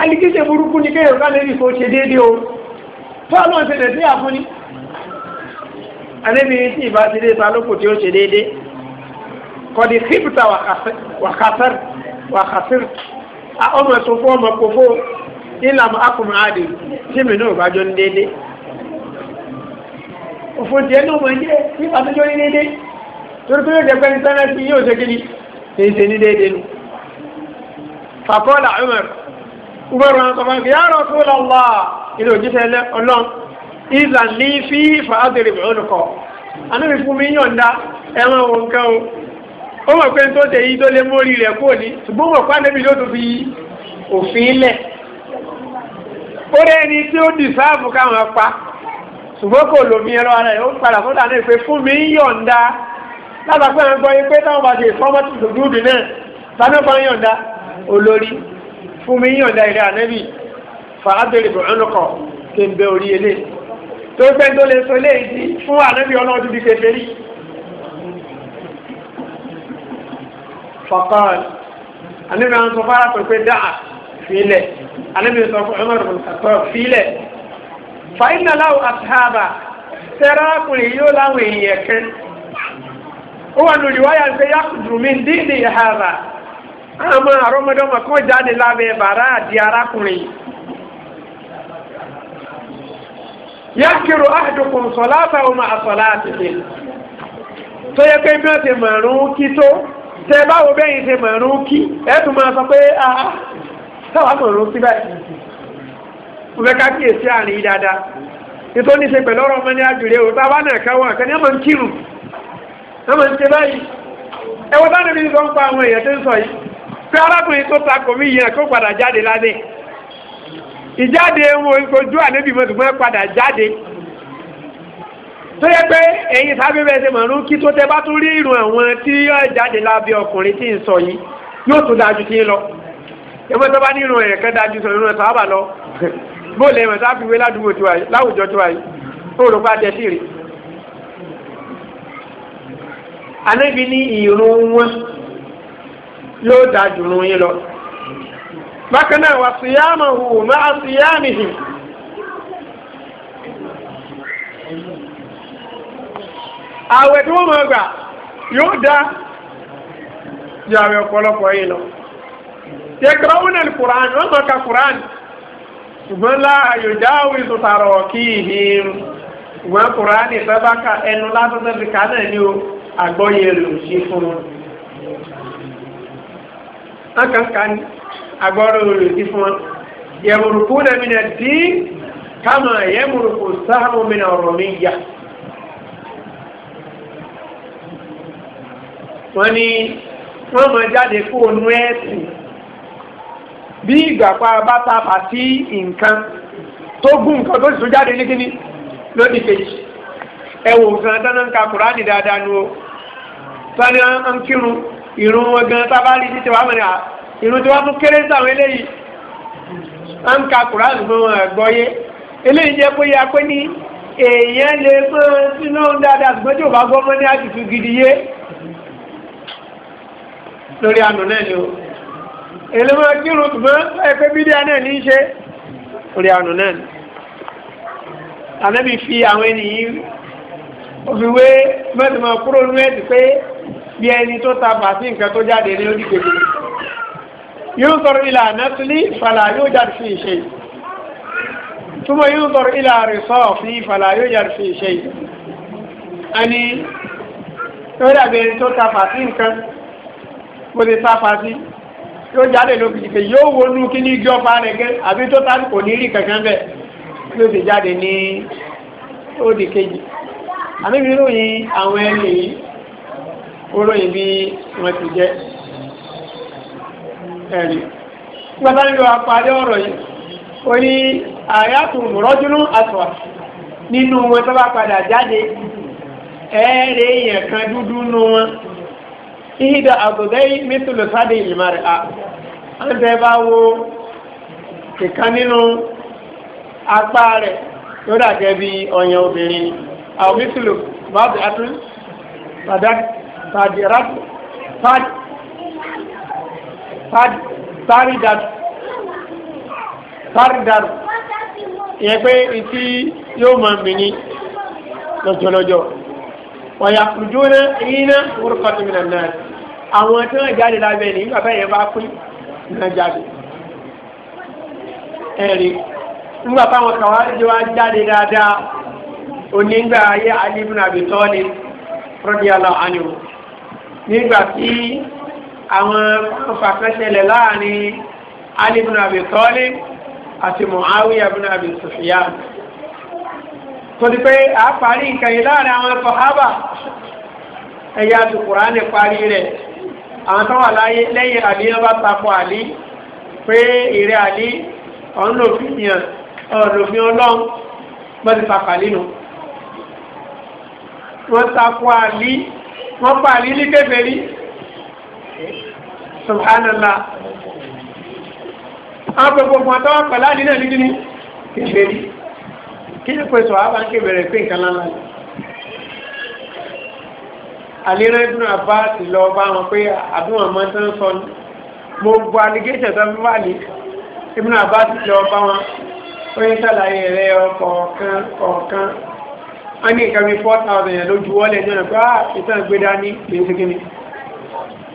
alikíṣe burúkú ni kéèyàn ká lè rí ṣe déédéé o fọ́ọ̀lù ń ṣe lè sí àfún ni alẹ́bìnrin tí ìbá ti dé ta lókù tí ó ṣe déédé kọ̀dí kípùtà wàkàfẹ́r wàkàfẹ́r ọmọ ẹ̀sùn fún ọmọ kòfó ìlànà akùnrin àdì tí mi náà bájọ́ ní déédé òfin tiẹ̀ ní ọmọ ẹ̀jẹ̀ tí ìbájọ́ ní déédé torí pé yóò jẹ́ pẹ́ni tẹ́lẹ̀ sí yóò ṣe kíni kì í ṣe ní déédé nu fàkọ́lá Umar Umar wọn kọ́ ilé òjíṣẹ́ ọlọ́run ìzà ní fi fàádìrì olùkọ́ anábì fún mi yọ̀ǹda ẹran òun kan o ó mọ̀ pé tó tẹ̀ yí tó lé mórí rẹ̀ kúrò ní ṣùgbọ́n mọ̀ pé anábì ló tún fi òfin lẹ̀ ó tí ó dìsáàbù káwọn pa ṣùgbọ́n kò lòmí ẹ̀rọ ara ẹ̀ ó padà fún pé mi látàgbé àwọn gbọ́ pé táwọn bá náà olórí fún mi ìrẹ́ fàádìrì bọ̀ọ́nùkọ̀ kí n bẹ orí ilé tó gbẹ́ tó lè sọ ilé ìdí fún ànábì ọlọ́run tó di rí. fọ̀kàn ànábì àwọn sọ fara pẹ̀lú dáa fílẹ̀ ànábì sọ fún fílẹ̀. fàínà àtàbà tẹ́rà kùnrin yóò láwọn èèyàn kẹ́. ó wà lórí wáyà ń ní àrọ́mọdọ́mọ jáde lábẹ́ bàrá arákùnrin yakiru ahadukum salatahu ma'a salatihi tó yẹ pé bí wọ́n ti mọ̀rún kí tó tẹ báwo bẹ́yìn ti mọ̀rún kí ẹ tún máa sọ pé a ah, táwa mọ̀rún sí báyìí mo fẹ́ ká kíyèsí àárín yìí dáadáa nítorí ṣe pẹ̀lú ọ̀rọ̀ ọmọ ní àjùlé o táwa náà káwọn àkànní ọmọ ń kírun ọmọ ń ṣe báyìí ẹ wọ́n bá níbi sọ ń pa àwọn èèyàn tó ń sọ yìí pé arákùnrin tó ta kò mí yẹn ìjáde wọn ojú ànábì mọ́tò gbọ́n padà jáde tó yẹ pé ẹ̀yin sábẹ́ bẹ́ẹ̀ ṣe mọ̀ọ́rún kí tó tẹ bá tún rí irun àwọn tí yóò jáde lábẹ́ ọkùnrin tí ń sọ yìí yóò tún dájú tí ń lọ ẹgbẹ́ tó bá ní irun ẹ̀yẹ̀ kan dájú sọ irun ẹ̀sán àbà lọ bó lè mọ̀ sáà fi wé ládùúgbò tiwa yìí láwùjọ tiwa yìí tó rò pa jẹ síre. ànábì ní irun wọn yóò dájú irun yín lọ bákan náà wà síyámàhù máa síyámìhì àwẹ̀ tí wọ́n mọ̀ gbà yóò dá yàwẹ̀ ọ̀pọ̀lọpọ̀ yìí lọ yẹkọrọ̀wọ́n náà kùránì wọ́n mọ̀ ká kùránì ṣùgbọ́n láàyò jáwé ìtòtàrọ̀ kí ìhìn ṣùgbọ́n kùránì sábàkà ẹnu látọ́tọ́ fi ká náà ní o àgbọ́yé rẹ̀ ò sí fún un. wọ́n kàn ká ní agbọ́dọ̀ olùsí fún wọn yẹmùrùkú nàmínà dí kama yẹmùrùkú sáàmù mìnà ọ̀rọ̀ mi yá. wọ́n ní wọ́n mọ̀ jáde kó nú ẹ̀sìn bí ìgbà pa bá tapà sí nǹkan tó gún nǹkan tó sì tún jáde ní kíní lónìí kejì ẹ̀wò nǹkan dáná ń ka kùránì dáadáa nu o sani ń kírun ìrún wọn gan tábàlì títí wàá mọ̀ ní à ìrun tí wọ́n tún kéré sáwọn eléyìí à ń ka kuraani fún wọn àgbọ́yé eléyìí jẹ́ pé ya pé ní èèyàn lè fún sínú dáadáa ṣùgbọ́n tí ò bá gbọ́ mọ́ ní àtìtù gidi yé lórí àná náà ni o èlé máa kírun ṣùgbọ́n ẹgbẹ́ bídíà náà ní í ṣe lórí àná náà ni ànábì fi àwọn ènìyàn òfìwé mẹ́tìmọ̀ kúrò nínú pé bí ẹni tó ta bàtí nǹkan tó jáde ní ó dìgbègbè. ينظر إلى نسلي فلا يوجد فيه شيء ثم ينظر إلى رصافي فلا يوجد فيه شيء أني yóò bẹ̀rẹ̀ tó ta fàtí nǹkan mo lè ta fàtí yóò jáde lókìtì pé yóò wọnú kí ní igi ọ̀pá rẹ̀ gẹ́ àbí tó ta kò ní rí kankan bẹ̀ yóò ti jáde ní òdì kejì àmì mi ròyìn àwọn ẹni yìí ó ti jẹ́. ẹ̀rí gbàtà nílò àpàdé ọ̀rọ̀ yìí o ní àyàtò rọ́júnú àtọ̀ nínú wọn tó bá padà jáde ẹ̀ẹ́rẹ́ èèyàn kan dúdú nù wọn ìhìdà àgùdẹ́ mẹ́tòlù sáde rẹ̀ a ń tẹ́ bá wo ìkan nínú apá rẹ̀ tó dàgẹ́ bí ọ̀yàn obìnrin àwọn padà sárídàdù sárídàdù ìyẹn pé etí yóò máa mì ní lọ́jọ́lọ́jọ́ wọ́n yà kùjú ná iná orúkọ tó mìíràn náà àwọn tí wọ́n jáde lábẹ́ ní bàbá yẹn bá pín náà jáde ẹ̀rí nígbà táwọn kàwájú wa jáde dáadáa onígbà ayé alíbùnà àbítọ́ni rọ́díàlá ànìwò nígbà tí àwọn fàfẹ́sẹ̀lẹ̀ láàrin Ali ibn Abi Talib àti Muawiya ibn Abi Sufyan torí pé a parí nǹkan yìí láàrin àwọn sàhábà ẹ̀yà àti Kùránì parí rẹ̀ àwọn tó wà láyé lẹ́yìn àlí wọn bá takò àlí pé ìrẹ́ àlí ọ̀nà òfin yàn pàpàlí nù wọ́n takò àlí wọ́n pàlí ní kébèrè subhanallah àwọn gbogbo ọmọ tó wà pẹ̀lú àdínà ní kíní kébèrè kí ló pèsè wàá bá ń kébèrè pé nǹkan lánàá ni. àlérà ibùdó àbá ti lọ bá wọn pé àbúrò ọmọ tó ń sọ ni mo gbọ́ allegation tó ń wà ní ibùdó àbá ti lọ bá wọn ó ń ṣàlàyé rẹ ọkọ̀ọ̀kan kọ̀ọ̀kan wọ́n ní nǹkan bíi four thousand yẹn lójú wọlé ẹjọ́ náà pé ah ìtàn gbé dání kì í ṣe kíni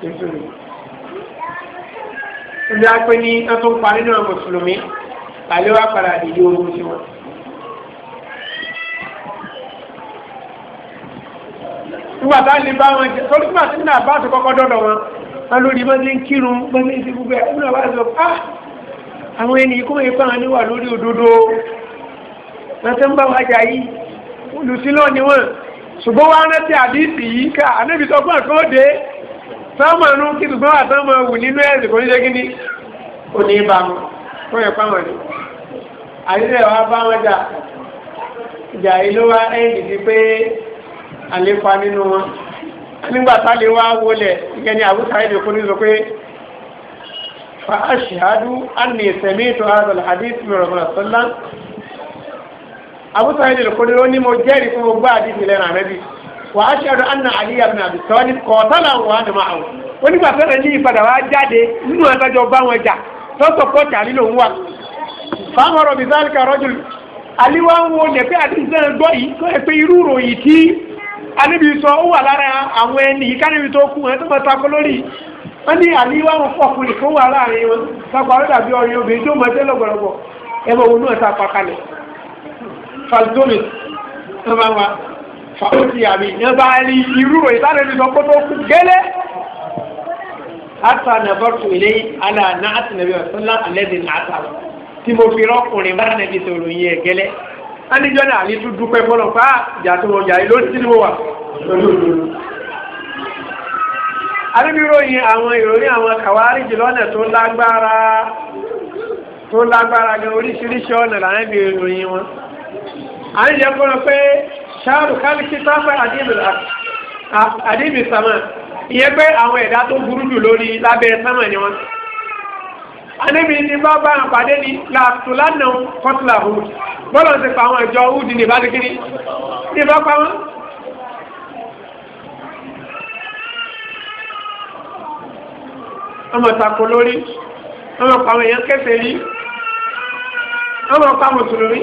kìsìrì ndé akpé ní ẹtú ń pa nínú mùsùlùmí àlẹ́ wa padà dìde ogun sí wọn. nígbà tá a lè bá wọn jẹ torí nígbà tí nígbà bá a ti kọ́kọ́ dọ́dọ̀ wọn wọn lórí bá ti ń kírun bá ti ń ti gbogbo ẹ̀ nígbà bá a sọ pa ah, àwọn ènìyàn kó yẹn fáwọn níwà lórí òdodo wọn ti ń bá wa jà yìí olùsílọ̀ ni wọn ṣùgbọ́n wọn rántí àdìsí yìí ká ànábìtọ́ fún àkọ́ọ́dẹ́ sọ́mọ̀ inú kí ṣùgbọ́n àtọ́mọ̀ wù nínú ẹ̀sìn kò ní ṣe kíní kò ní bá wọn kó yẹ pàmò ní. àyíṣẹ́ wa bá wọn jà ìjà yìí ló wá ẹ̀yìn ti pé àlépa nínú wọn. nígbà táàlì wá wọlé ìyẹn ní àbúta ẹ̀dẹ̀ kò ní sọ pé fa aṣèhádú àni ìsẹ̀mí ètò àzọ̀lá hadith mi rọ̀mọ̀lá sọ́lá. àbúta ẹ̀dẹ̀ kò ní ó ní mo jẹ́rìí fún gbogbo àdìsí lẹ́nu àrẹ́bí wà á ṣẹ́rọ anna aliyu abin abi sọ́ọ́lì kọ̀ọ̀tàlà wà ní máa wọ̀ onígbà fẹ́rẹ̀ ní ìpadà wá jáde nínú ẹ̀tọ́jọ́ bá wọn jà tọ́sọ̀ pọ̀ tàrí lòun wà. fáwọn ọ̀rọ̀ bíi sáré kàrọ́ jù aliwa ń wo nẹ̀fẹ́ àti ìṣẹ́yìn gbọ́ yìí kọ́ ẹ pé irú ròyìn tí anábì sọ ó wà lára àwọn ẹni yìí kánibì tó kú ẹ tó mọ takọ lórí wọn ní aliwa ń fọkùnrin fún wà láàrin wọn takọ àwọn dàbí ọrin obìnrin tó mọ ẹsẹ lọgbọlọgbọ ẹ bọ wọnú ẹ ta pàkalẹ falitomi ẹ máa wà fàwọ́tì àmì ìyànbá rí irú ìsáré ti sọ tó kú gẹ́lẹ́. ata nàbọ́tù ilé ala náà ti nàbí ọ̀sánlá alẹ́dẹ̀ náà ta tí mo fi rọ́kùnrin bá nàbí sọ̀rọ̀ yín ẹ̀ gẹ́lẹ́. alíjọ́ náà ní tún dúpẹ́ fọlọ́ pa ìjà tó wọjà ló ti ní mo wà lọ́dọọdún. àwọn ìròyìn àwọn kàwárí jùlọ náà tó lágbára tó lágbára gan oríṣiríṣi ọ̀nà ṣáàrù kálíkì sáfẹ́ àdébì sàmà ìyẹn pé àwọn ẹ̀dá tó burú jù lórí lábẹ́ sàmà ni wọ́n. anábì ní bá bá àwọn pàdé ní làtúlánà kọ́tùlà hood bọ́lọ̀ ti pa àwọn ìjọ hood ní ìbádìkiri ní ìbá pa wọ́n. ọmọ tako lórí ọmọ pa àwọn èèyàn kẹsẹ̀ rí ọmọ pa mùsùlùmí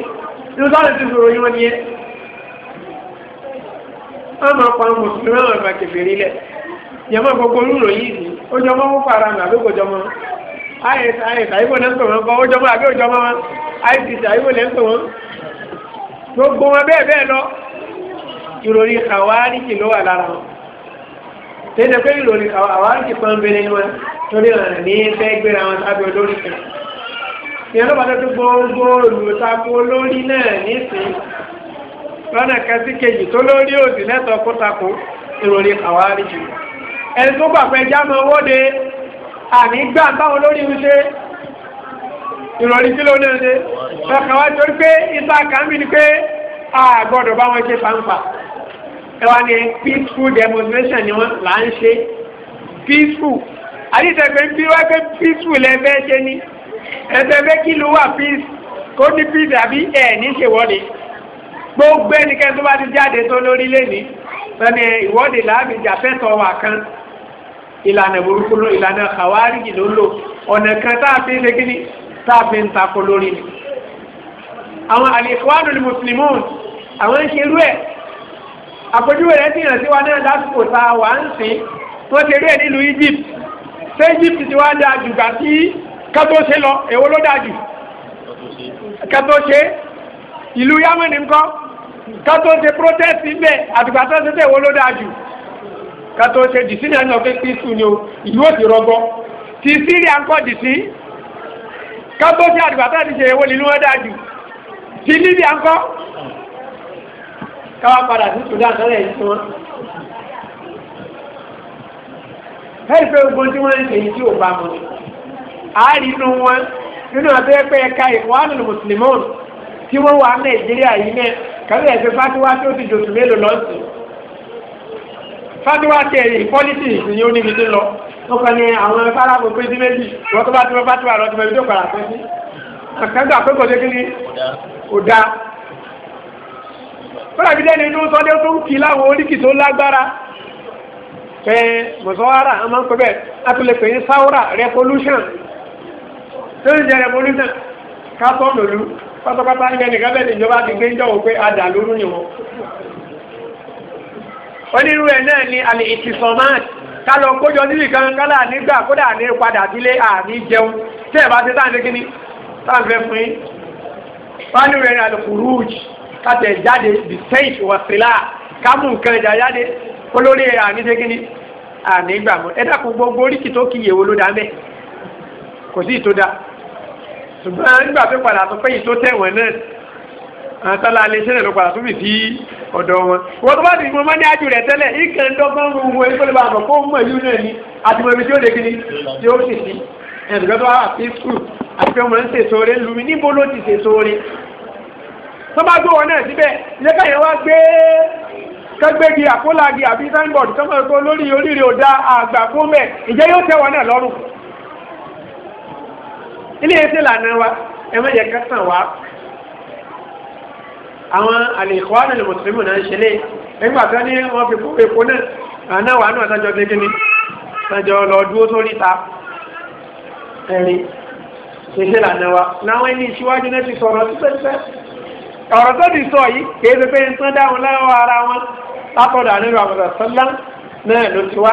ní sọ́ọ̀lù ti sọ̀rọ̀ yìí wọ́n ni yẹn wọ́n máa pa mùsùlùmí àwọn àgbà kẹfìrí lẹ̀ yẹmọ́ gbogbo olúlo yìí ni ó jọ mọ́ fún ara mi àbí kò jọ mọ́ is is àyíkò lẹ́ ń pè wọ́n kọ́ ó jọ mọ́ àbí kò jọ mọ́ wọn isis àyíkò lẹ́ ń pè wọ́n gbogbo wọn bẹ́ẹ̀ bẹ́ẹ̀ lọ ìròyìn àwárìkì ló wà lára wọn tẹ́lẹ̀ pé ìròyìn àwárìkì kan bẹ̀rẹ̀ ni wọn torí ọ̀nà ní fẹ́ gbéra wọn sábẹ́ olórí kan ìyẹn ló bá tó gbogbo olùtakò olórí náà nísìnyí lọ́nà kẹsí kejì tó lórí òdì lẹ́tọ̀ kó takò ìròyìn àwárí jù ẹni tó gbà pé jámọ wóde àní gbà táwọn lórí ń ṣe ìròyìn kí ló ní ẹni lọ́kàn wá torí pé ìta kàmí ni pé a gbọ́dọ̀ bá wọn ṣe fanfa ẹ wá peaceful demonstration ni wọn là ń ṣe peaceful àdìsẹ́gbẹ́ bí wọ́n pé peaceful ẹ fẹ́ ṣe ni ẹ fẹ́ kí ló wà peace kó ní peace àbí ẹ̀ ní ṣèwọ́de gbogbo ẹnikẹ́ni tó bá ti jáde tó lórí lẹ́ni sani ìwọ́de láàbì jàfẹ́tọ̀ wà kan ìlànà burúkú ló ìlànà kàwárìjì ló lò ọ̀nà kan tá a fi takò lórí ni. àwọn àlèkùwádùn ní mùsùlùmí àwọn ń ṣerú ẹ̀ àpèjúwe rẹ̀ ti hàn sí wa náà lásìkò tá a wà ń sìn wọ́n ṣerú ẹ̀ nílùú Egypt ṣé Egypt ti wá dáa jù gà sí kátó lọ èwo ló dáa jù kátó ìlú Yámẹ́nì ńkọ́ kátó ṣe protest ńbẹ àtìgbà tó ṣe tẹ̀wọ́ ló dáa jù kátó ṣe dìsí náà ní ọ̀pẹ́ kristu ni o ìlú òsì rọgbọ ti Syria ń kọ́ dìsí kátó ṣe àtìgbà tó ṣe tẹ̀wọ́ ni wọ́n dáa jù ti Libya ń kọ́ káwá padà sí Sudan sọ́lẹ̀ yìí tí wọ́n. ẹ̀rí pé gbogbo tí wọ́n ń ṣe yìí tí ò bá mọ́ àárín inú wọn nínú àti ẹ̀pẹ́ ẹ̀ka ìwọ́n àlùmùsùlùmọ́ọ̀nù tí wọ́n wà nàìjíríà yìí náà kàwé ẹ̀sẹ̀ fatiwa tó ti dòtú mélòó lọ́sì fatiwa kẹrì politics ni ó níbi tó lọ ó kàn ní àwọn farabu péjú méjì wọ́n tó bá ti wọ́n fatiwa lọ́ọ́ ti fẹ́ fi tó kọ̀ọ̀rọ̀ àpẹ́ sí àkàndá àpékò dé kíni kò dáa fúnra mi lẹ́nu inú sọ́dẹ́ tó ń kí láwọn oríkì tó lágbára pé mọ̀sọ́wárà a máa ń pẹ́ bẹ́ẹ̀ látúlẹ̀ pé ní sáwúrà revolution tó ń jẹ revolution ká sọ́ọ̀nù lù pátápátá ń yẹn nìkan ni ìjọba ti gbé ń jọ̀wọ́ pé adà lóru ni wọn. onírú ẹ̀ náà ni àlè ìtìsọ̀máàtì ká lọ kójọ níbi kan kálá nígbà kódà ní padà sílé àní jẹun tẹ́ ẹ̀ bá ti táǹtẹ́ kínní táǹfẹ́ fún yín. wọ́n ní rẹ̀ ní alùpùrùj kàtẹ́ jáde the saint wasila kámú nǹkan ìjà jáde olórí àní ṣe kínní àní gbàmọ́ ẹ dákun gbogbo oríkì tó kíyèwò ló dá mẹ́ kò sí ìtò dáa ṣùgbọ́n nígbà tó padà tó péyì tó tẹ̀wọ̀n náà àtàlà iléeṣẹ́ náà ló padà tó bì sí ọ̀dọ̀ wọn. wọ́n tó bá ti mọ mọ́ni àjò rẹ̀ tẹ́lẹ̀ ìkà ń dọ́gbọ́n ru wọn kó lè bá àbọ̀ kó mọ̀ ìlú náà ni àti mọ̀ ibi tí ó lè kiri tí ó sì sí. ẹnìkan tó wà sí skul àti pé ọmọ ń ṣèṣọ rẹ lu mi níbo ló ti ṣèṣọ rẹ. tó bá gbé wọn náà síbẹ̀ ilé káyọ̀ wá gbé kẹgbẹ́gi àkólagi àbí signboard tó mọ̀ ilé ẹsẹ̀ lànà wa ẹ má jẹ́ kásán wa àwọn àlèkọ́wánà lè mùsùlùmí náà ń ṣe lé nígbà tó ní wọ́n fi kó epo náà àná wà náà sájọ dé kíni sájọ lọ dúró tó níta ẹ̀rin ẹsẹ̀ lànà wa láwọn ẹni ìṣíwájú náà ti sọ̀rọ̀ pípẹ́pẹ́ ọ̀rọ̀ tó ti sọ yìí kì í ṣe pé ń tán dáhùn láwọn ara wọn látọ̀dọ̀ àníbàbọ̀ sọ́lá náà ló ti wá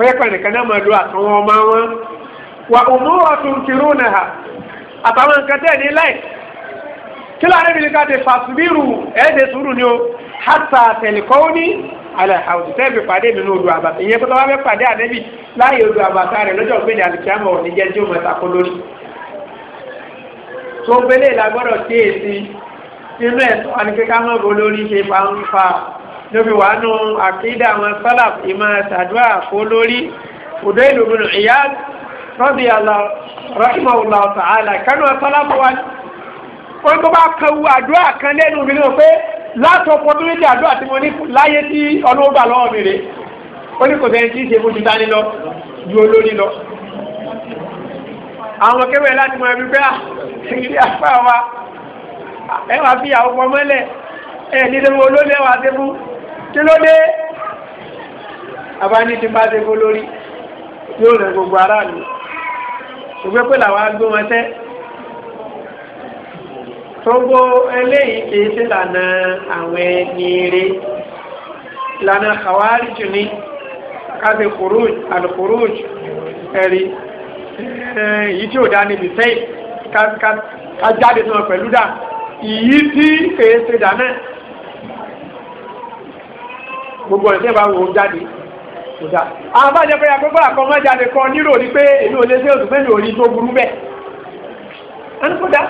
fẹ́ẹ́kọ̀ nìkan náà máa lo àtàwọn ọmọ wọn wà òmùwà tó ń tirú nà ha àtàwọn nǹkan tẹ̀ ní láì kí láàrin mi ní ká ti fàṣubírù ẹ̀ẹ́dẹ̀ sùúrù ni o hàtà tẹ̀lẹ̀kọ́ ní alahawudu tẹ́ẹ̀bì pàdé nínú odò àbàtà ìyẹn kótó wá fẹ́ pàdé ànẹ́bì láàyè odò àbàtà rẹ̀ lọ́jọ́ ògbéni àlùkìyàmọ̀ òní jẹ́ jẹ́ òmùẹ́ta kó lórí. tó gbélé la gbọ́dọ̀ kíyèsí inú ẹ̀sọ́ àníkẹ́ká mọ́ bo lórí ṣe fa ń fa lóbi wàá nù àkídà àwọn sálàf ìmọ̀ àtàdúrà kó lórí òdó ìlú bínú ìyá rọ́bì àlọ́ rọ́ìmọ̀ ọ̀là ọ̀tà àlà kánú sálàf wa ni. wọ́n tó bá kawu àdúrà kan lẹ́nu mi náà pé láti ọpọtúnìtì àdúrà tí mo ní láyé tí ọlọ́gbà lọ́wọ́ mi rè ó ní kò sẹ́yìn tí ì ṣe fojú dání lọ ju olórí lọ àwọn kéwèé láti mọ ẹbí bẹ́ẹ̀ ah, ìrírí apá wa ẹ wàá fi àwọn ọmọ mọ́lẹ̀ ẹ nílé wọn olólè dé fún kí ló dé abáni ti bá dégbò lórí yóò rẹ gbogbo aráàlú ṣùgbọ́n pé làwọn agbó wọn tẹ́ tógbó eléyìí kìí sí lànà àwọn ẹni eré lànà kàwárí jù ní káfí kùrúj alùkùrúj ẹ̀rí èyí tí ò dá níbi sẹ́yìn ká jáde wọn pẹ̀lú dà ìyí tí kìí sí dà náà gbogbo ọ̀rẹ́ tẹ́ bá wò ó jáde kò dáa. àwọn bá jẹ pé àkókò àkọ́mọ́ jáde kan nírò ni pé èmi ò lè ṣe òtún mẹ́rin òní tó burú bẹ́ẹ̀. ẹni kò dáa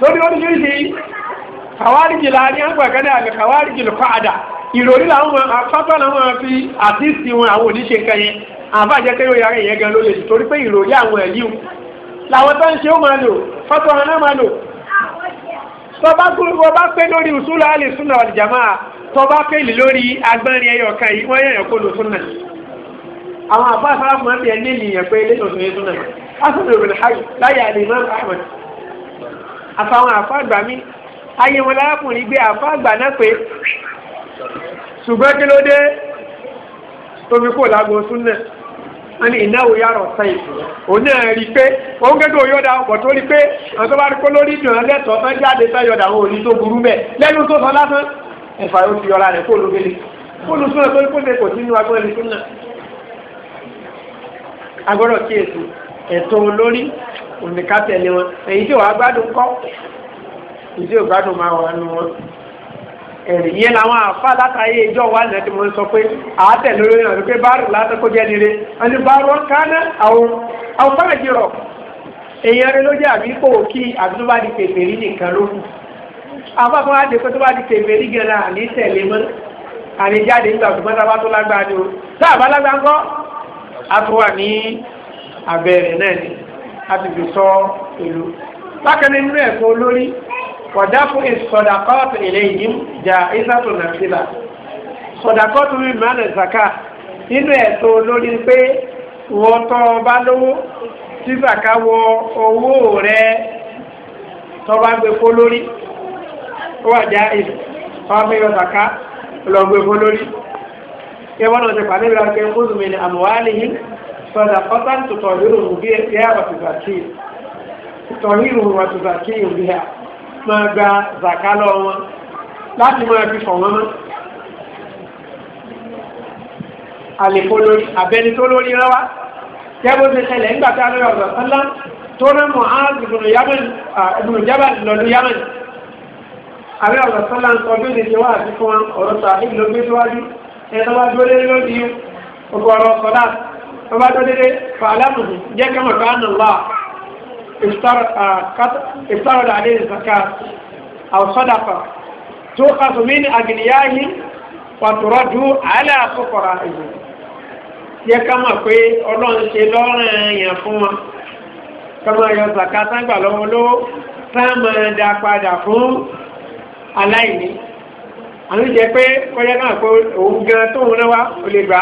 torí oríṣiríṣi kàwáríjì la ní àgbà kan náà kàwáríjì ló kọ́ àdà ìròrí làwọn afátọ́ làwọn fi àtìsí wọn àwọn oníṣe kan yẹn àbá jẹ pé yóò yẹn gan ló lè ṣe torí pé ìròrí àwọn ẹ̀yìn làwọn tó ń ṣe ó máa lò fọ́tọ̀ àwọn náà máa lò. tó bá kúrú bó bá pé lórí ìṣúná àlè ìṣúná àlè tọba pèlè lórí agbẹ́rin ẹyọ kan yìí wọ́n yẹ̀yàn kó lò súnà àwọn àbá sábà máa ń bẹ̀ ní ènìyàn pé ilé ìtòsùn yẹn súnà asùn lòrò láyé láyé àlè Imam Ahmad àfàwọn àfa àgbà mi ayé wọn lárákùnrin gbé àfa àgbà náà pé ṣùgbọ́n kí ló dé tóbi kò lágbo súnà wọ́n ní ìnáwó yàrá ọ̀sán yìí òun náà rí i pé òun gẹ́gẹ́ òun yọ̀dà ọkọ̀ tó rí i pé àwọn tó bá rí kó lórí ìdùnnà lẹ́tọ̀ọ́ fẹ́ jáde fẹ́ yọ̀dà àwọn òní tó burú bẹ́ẹ̀ lẹ́nu tó sọ lásán ẹ̀fà yóò fi ọ̀la rẹ̀ fóònù gbélé fóònù súnà tó ń kó sẹ́kọ̀ọ́ sínú agbọ́dọ̀ ní súnà agbọ́dọ̀ kíyèsí ẹ̀tọ́ olórí òǹdíkátẹ̀lé wọn èyí tí wàá gbádùn kọ́ èyí tí ò gbádùn máa wà nù wọn ẹ̀rì yẹn làwọn àfa látàyè ìjọ wa nà tí mo sọ pé àátẹ̀ lórí náà wípé báàrù látọ̀ kó jẹ́ nire wọn ni báàrù wọn kánà àwọn àwọn fáwọn ìjírọ̀ èèyàn rẹ ló jẹ́ àbí kò kí àbí tó bá di pèpè rí nìkan ló kù àwọn àkọ́kọ́ àti kó tó bá di kèmé ní gẹ̀rẹ́ àní tẹ̀lé mọ́ àní jáde nígbà tó mọ́ta bá tó lágbára ni o tá a bá lágbára ńkọ́ a ní abẹ́rẹ́ náà ni a ti fi sọ ìlú. bákan nínú ẹ̀kọ́ olórí wàdá fún ìsọdàkọ́ọ̀tù ìlẹ́yìn jà ìsàtò nàìjíríà sọdàkọ́ọ̀tù mi máa nà zaka nínú ẹ̀tọ́ olórí pé wọ́n tọ́ ọba lówó tí zaka wọ owó rẹ̀ tọ́ba gbé lórí ó wà já ìlú ọwọ́ fẹ́ yọ sàká lọ́gbẹ́ fún lórí ẹwọ́n náà ti pàdé bí wọ́n fẹ́ kúrò mi ní àmúwálì yìí sọ̀dà kọ́tàn tutọ̀ hírò hù bí ẹ̀ wàtúzà kí tutọ̀ hírò hù wàtúzà kí hù bí ẹ̀ máa gba zàká lọ wọn láti máa fi fọ̀ wọ́n mọ́ àlèfo lórí àbẹni tó lórí rẹwà kẹ́bó ti ṣẹlẹ̀ nígbà tí a lórí ọ̀sán sánlá tó rẹ́ mọ̀ á gbùdùn yámẹ́ni àbí ọ̀rọ̀ sọ́lá ń sọ bí ní ṣe wá àti fún wa ọ̀rọ̀ sọ àbí ló gbé síwájú ẹ̀yẹ tó bá dúró lé lórí ọkọ̀ ọ̀rọ̀ sọ́lá tó bá dúró lé fàálámù jẹ́ kẹ́mọ̀ ká nà lọ ìfúláwọ̀ dàdé ìsàkà àwòsọ́dàfà tó kàtó mí ní àgìníyáyí pàtùrọ̀ dú àálẹ́ àkókòrò àìyí jẹ́ kẹ́mọ̀ pé ọlọ́run ṣe lọ́rùn yẹn fún wa kẹ́mọ̀ yọ sàkà sáńgbà lọ́wọ́ lọ́wọ́ sáà máa dá padà fún aláìní àwọn ìjẹ pé kọjá náà pé òun gan tóun náà wá ó lè gbà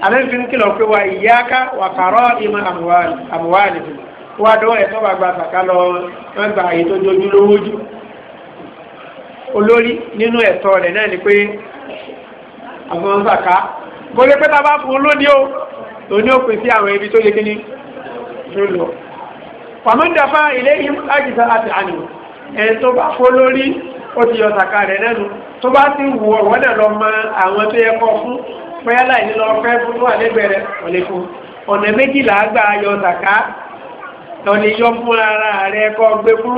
àwọn ìfín kìlọ̀ pé wa ìyáká wà kàrọ́ ìmọ̀ àmúwáàlì fún wa dọ́wọ́ ẹ̀ tó bá gba sàká lọ wọ́n gba àyè tó dojú lówó jù olórí nínú ẹ̀tọ́ rẹ̀ náà ni pé àwọn sàká kò lè pé tá a bá fún un lónìí o lónìí ó pè sí àwọn ibi tó lè kíní tó lọ. pàmò ń dàfà ilé ìmú àjùsá àti àná ẹ̀ tó bá fún olórí ó ti yọ sàkà rẹ̀ lẹ́nu tó bá ti wù ọ́ wọ́n lè lọ mọ àwọn tó yẹ kọ́ fún bóyá láì ní lọ fẹ́ fún tó wà lẹ́gbẹ̀ẹ́ rẹ̀ wọ́n lè fún ọ̀nà méjìlá gbà yọ sàkà lọ́ni yọ fún ara rẹ̀ kọ́ gbé fún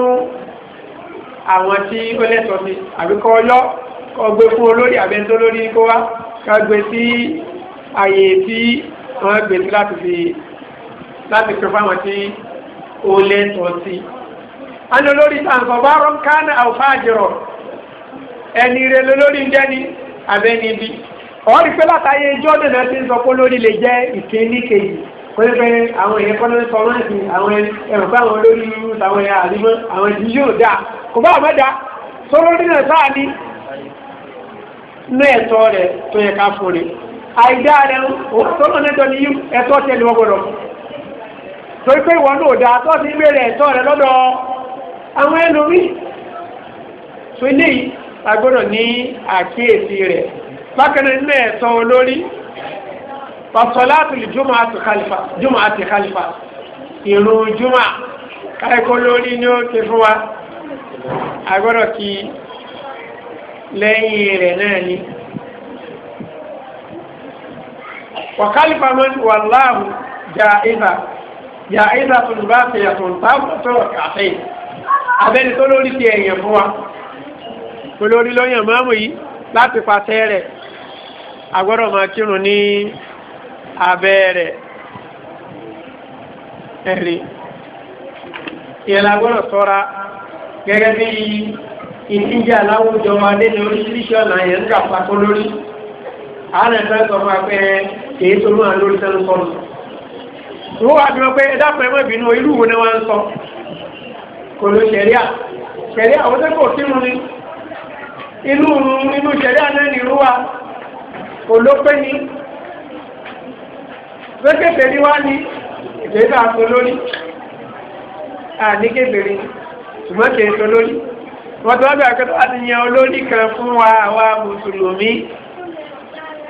àwọn tí ó lẹ́tọ̀ọ́ sí àbíkọ́ yọ kọ́ gbé fún olórí àbẹ́ntó lórí kó wá ká gbé sí àyè tí wọ́n gbé sí láti fi láti fi fáwọn tí ó lẹ́tọ̀ọ́ sí. a ní olórí tàǹkọ̀ bá rọ́n kánà àwòfáàjìrọ̀ ẹni rẹ ni abẹ́ni bí ọ̀hún rí pé látàyè jọ́dún náà ti ń sọ pé lórí lè jẹ́ àwọn èèyàn kọ́ àwọn ẹ̀rọ pé àwọn olórí ẹ̀yà àwọn yóò dáa kò bá àmọ́ dáa tó lórí náà sáà ní inú ẹ̀tọ́ rẹ̀ tó yẹ ká fún rẹ̀ àìdá rẹ̀ tó lọ nẹ́tọ́ ẹ̀tọ́ tó pé ìwọ náà dáa a gbọ́dọ̀ ní àkíyèsí rẹ̀ bákan náà nílẹ̀ ẹ̀tọ́ olórí fasolátùlì jùmọ̀ àti khalifa jùmọ̀ àti khalifa ìrun jùmọ̀ káyọ̀kọ́ lórí ni ó ti fún wa a gbọ́dọ̀ kí lẹ́yìn rẹ̀ náà ni. wa khalifa man wàláhù jaiza jaiza tún bá fẹ̀yà tó ń tàbí tó rọ̀ kàfẹ́ abẹ́ni tó lórí ti ẹ̀yẹ̀ fún wa. olórí ló yàn máàmù yìí láti pàṣẹ rẹ̀ agbọ́dọ̀ máa kírun ní abẹ́ rẹ̀ ẹ̀rí ìyẹn sọ́ra gẹ́gẹ́ bí ìdíjà láwùjọ adé ní oríṣiríṣi ọ̀nà yẹn ń gbà pàtó lórí àwọn sọ fún apẹ́ èyí tó sẹ́nu wọ́n wá bí wọ́n pé ìbínú wo ni wọ́n ń sọ kò ló wọ́n inú inú ìṣẹ̀dá náà ni wa kò ló pé ní lókèfè ní wá ní ìgbésà àpò lórí àníkèbèrè ṣùgbọ́n kì í sọ lórí wọ́n tó wábẹ̀ akẹ́kọ̀ọ́ láti olórí kan fún wa àwa mùsùlùmí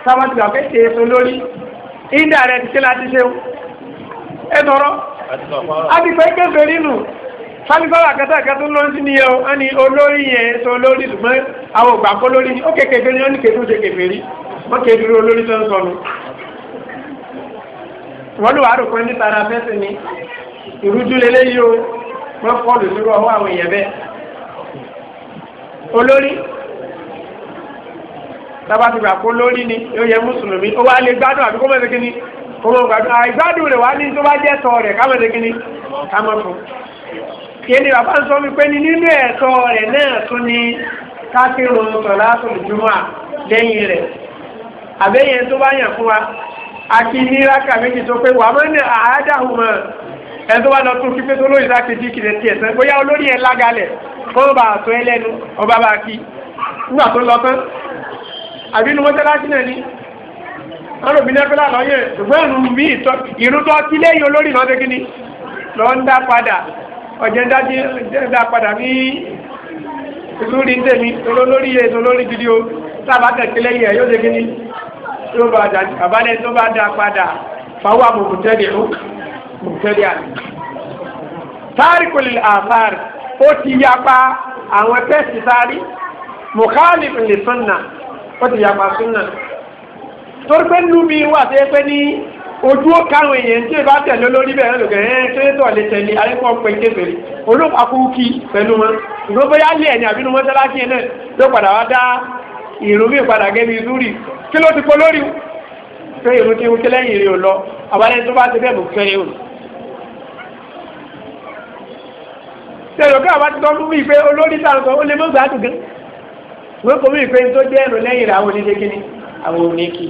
sábà ti gbàgbé kì í sọ lórí ìdá rẹ̀ ti ṣe láti ṣe é tọrọ kálífàrà kátàkà tó lọ sí nìyẹn wọn ni olórí yẹn sọ lórí ṣùgbọ́n àwọn ògbà kọ́ lórí ni ó kéèké fẹ́ ni wọ́n ní kéèké ṣe kéèké rí wọ́n kéèké dúró olórí tó ń sọnù. wọ́n lù wá rò pé níta ara fẹ́sẹ̀ ni ìrújú lélẹ́yìí o wọ́n fọ́ọ̀lù nírú ọwọ́ àwọn èèyàn bẹ́ẹ̀. olórí tába ti gbà kó lórí ni ó yẹ mùsùlùmí ó wá lè gbádùn àbíkó mọ̀ ṣe kíni kó mọ̀ gbádùn àìgbádùn rẹ̀ wá ní tó bá jẹ́ tọ̀ rẹ̀ ká mọ̀ ṣe kíni ká mọ̀ fún. kìí ni bàbá ń sọ wípé nínú ẹ̀tọ́ rẹ̀ náà tún ní káfíìrún sọ̀lá sọ̀lùjúmọ́ lẹ́yìn rẹ̀ àbẹ́yẹn tó bá yàn fún wa àti ní méjì tó pé wà á mọ́ni àádáhùn mọ́ ẹni lọ tún tó kìlẹ̀ tiẹ̀ bóyá ẹ̀ lágalẹ̀ kó bá ẹ lẹ́nu ọba ọ̀jẹ̀ dájú dá padà bí lórí tèmi olólórí yẹ olólórí gidi o sábà kẹ̀kẹ́ lẹ́yìn ẹ̀ yóò ṣe kíní tó bá dá àbálẹ̀ tó bá dá padà fáwọn àbòkùtẹ́lẹ̀ òkùtẹ́lẹ̀ àná. tárìkùlì àfáàrì ó ti yapa àwọn tẹ́sì sáré mùkálìfù lè sunna ó ti yapa sunna torí pé lumi wà sí ẹgbẹ́ ní ojú ó káwọn èèyàn tí ìbá tẹ̀lé olórí bẹ̀rẹ̀ lòkè ẹ̀ tó yẹ tọ̀lé tẹ̀lé ayékọ́ pé kéferì olóòpá kú kí pẹ̀lú wọn ìgbó bóyá lé ẹ̀ ní àbínú mọ́sálásí ẹ̀ náà ló padà wá dá ìrùmí padà gẹ́bí lúrì kí ló ti pọ́ lórí pé ìrùn ti wúkẹ́ lẹ́yìn ìrìn ò lọ àbálẹ́ tó bá ti bẹ́ẹ̀ bù kẹ́rẹ́ òun. tẹ̀lọ̀ kí àbá ti tọ́ fún mi pé olórí sàrùkọ ó lè mọ́ gbàdùn gan wọ́n kọ́ mi pé tó jẹ́ ẹ̀rù lẹ́yìn rẹ̀ àwọn oníṣẹ́ kíní àwọn oníkì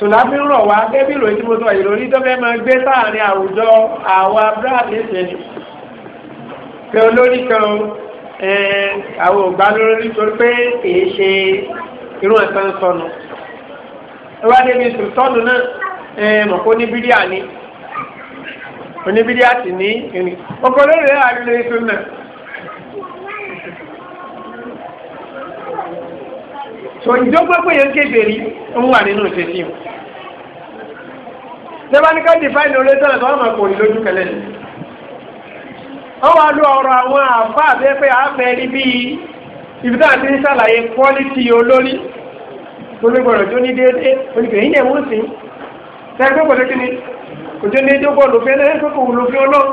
sùlámì rọ̀ wá gẹ́gẹ́ bí ìròyìn tí mo sọ ìròyìn tó fẹ́ máa gbé sáàrin àwùjọ àwọn abúlé ìṣẹ̀lẹ̀ pé olórí kan àwọn ògbà lórí nítorí pé kìí ṣe irú ẹ̀sán sọnù wá débi sùtọ́nù náà mọ̀kó ní bídíà ni oníbídíà sì ní ìrìn ọkọ̀ lórí rẹ̀ àrílẹ̀ ìṣúná. tó ìjọba pé yẹn kéde rí ń wà nínú ìṣesí o tẹ́bánikà dìfáìnì olóòtọ́lẹ̀ tó wà máa kò ní lójú kẹlẹ́ ni ó wàá lo ọ̀rọ̀ àwọn àfáà bẹ́ẹ̀ pé àáfẹ́ ibi tá a ti ń ṣàlàyé pọ́lítì olórí olùgbọ̀rọ̀ tó ní déédéé olùgbọ̀rọ̀ yìí ni ẹ̀wọ̀n sí tẹ́gbẹ́ pẹ̀lú kí ni kò tó ní déédéé bọ́ọ̀lù fẹ́ lẹ́yìn tó kò wù lófin ọlọ́run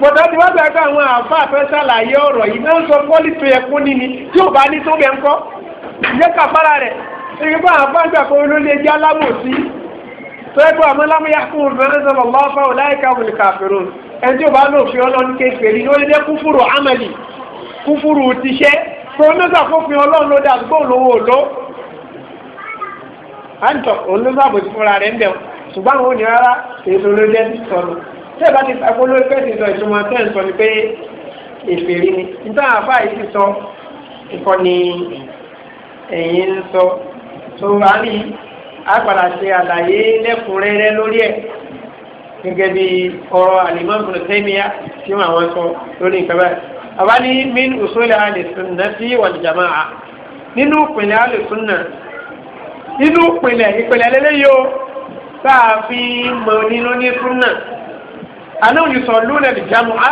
pọ̀tọ́ ti wá bẹ̀rẹ̀ pé àwọn àfáà fẹ́ ṣàlàyé ọ̀rọ̀ yìí náà sọ pọ́lítì ẹ̀kún níní tí ò bá ní tó bẹ́ẹ̀ ń kọ́ ìjẹ́ kàfàrà rẹ̀ ìgbà àfáàgbà kó ló lè jẹ́ alámòsí tó ẹgbẹ́ àmọ́ lámúyá fún òfin sọ̀rọ̀ lọ́wọ́ fáwọn láìka òun kàfẹ́rù ẹni tí ó bá lò fi ọlọ́run kékeré ní ó lé kúfúrú amẹ́lì kúfúrú tiṣẹ́ tó ní sàkófin ọlọ́run ló dà gbóhùn lówó ló àǹtọ̀ òun ló sábò ti fúnra rẹ̀ ń bẹ̀ ṣùgbọ́n àwọn òní rárá èso ló jẹ́ sọnù tẹ́ ẹ̀ bá ti sàkó lórí pẹ́ẹ́sì sọ ìtumọ̀ tẹ́ ẹ̀ sọ ni pé èfèrè ni nítorí àfáà yìí ti èyí ń sọ tó a ní apàdà ṣe àlàyé lẹ́kùnrẹ́rẹ́ lórí ẹ̀ gẹ́gẹ́ bí ọ̀rọ̀ alimami tẹ́míà tí wọ́n àwọn sọ lórí nǹkan báyìí. àwa ní min usuli alìsúnà sí wal jamaa nínú ìpìlẹ̀ alìsúnà nínú ìpìlẹ̀ ìpìlẹ̀ lélẹ́yìí o sáàfin mọ̀ nínú ní súnà anáwòye sọ lónà ìjánu á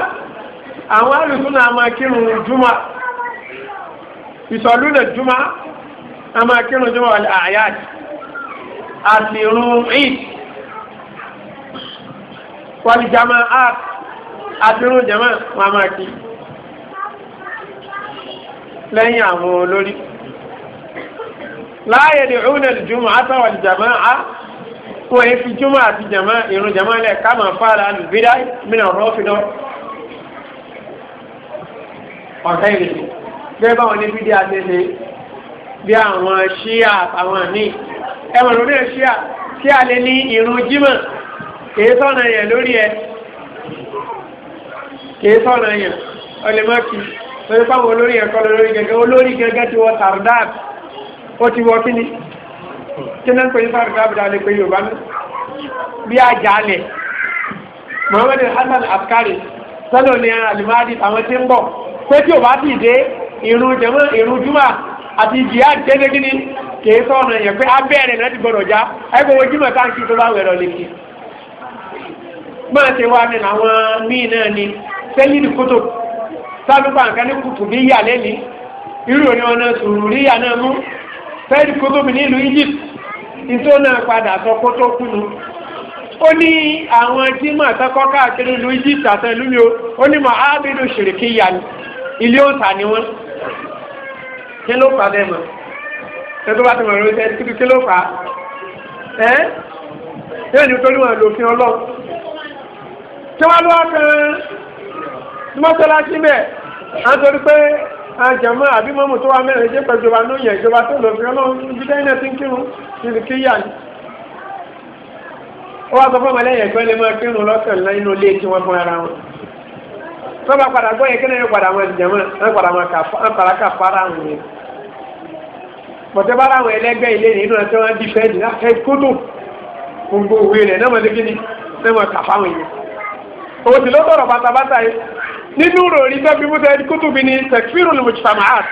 àwọn alìsúnà máa kírun júmọ́ ìsọ̀lúnà júmọ́ a máa kírun jọmọ àyàd àti irun eid wàlìjàmọ art àti irun jẹmọ wọn a máa kí lẹ́yìn àwọn olórí láàyè ni òun náà jùmọ àtàwọn jàmọ a wọn èyí fi jùmọ àti jàmọ irun jàmọ lẹ ká máa fara lùbídà mìíràn rọfìdọ ọ̀sẹ̀ ìrètí gẹ́gẹ́ báwọn ní fídíà ṣe bí àwọn ṣíà àtàwọn àní ẹ̀wọ̀n lórí ẹ̀ ṣíà kí a lè ní irun jímọ̀ kìí sọ̀nà yẹn lórí ẹ̀ kìí sọ̀nà yẹn ọlẹ́mọ́kì lórí fáwọn olórí ẹ̀kọ́ lórí gẹ́gẹ́ olórí gẹ́gẹ́ ti wọ tardab ó ti wọ kíni kí náà ń pè ní tardab dáadé pé Yorùbá mi bí àjálẹ̀ Muhammad Hasan Askari sọ́dọ̀ ni alimadi àwọn tí ń bọ̀ pé tí ò bá ti dé irun jẹ́mọ́ irun júmọ̀ àti jihad kéde kí ni kèé sọ̀nà yẹn pé abẹ́rẹ́ náà ti gbọdọ̀ já ẹgbẹ́ wo jimá táǹkì tó bá wẹ̀rọ lè kí. máa ṣe wá ní àwọn míì náà ni sẹ́yìn ní kótó sábẹ́pà nǹkan ní kùtù bí yà lẹ́ni irú òní wọn náà sùúrù rí yà náà mú sẹ́yìn kótó mi nílùú Egypt ìtò náà padà sọ kótó kùnú. ó ní àwọn tí mà sẹ́kọ́ káàkiri ìlú Egypt àtẹ̀lú mi ó ní mọ̀ ábídù ṣèrèké kí ló fà dẹ́mọ̀ ṣé tó bá ti mọ̀ lórí sẹ́yìn títí kí ló fà ẹ́ yóò ní torí wọn lòfin ọlọ́run tí wọ́n lọ́wọ́ kan mọ́sálásí bẹ́ẹ̀ á torí pé àjẹmọ́ àbí mọ́mù tó wà mẹ́rin jẹ́ pẹ̀jọba ló yẹ ìjọba tó lòfin ọlọ́run ibi tẹ́yìn náà ti ń kírun níbi kíyà ni ó wá sọ fún ọmọlẹ́yìn ẹ̀gbẹ́ lè máa kírun lọ́sẹ̀ sọba padà gbọ́ yẹ kẹ́nẹ́ yẹ padà wọn ẹ̀dìjàmọ́ ẹ padà wọn kàfàrà kàfàrà wọn yẹn pọ̀tẹ́bára àwọn ẹlẹ́gbẹ́ ilé nínú ẹ̀ tí wọ́n di fẹ́ẹ̀dì láti kótó gbogbo òwe rẹ̀ náà wọ́n ti kíni náà wọ́n kàfà wọn yẹn òtí ló tọrọ bàtàbàtà yìí nínú ròrí bẹ́ẹ̀ bí musa ẹni kótó bi ni tẹ̀kfírù ni mùsùlùmáàt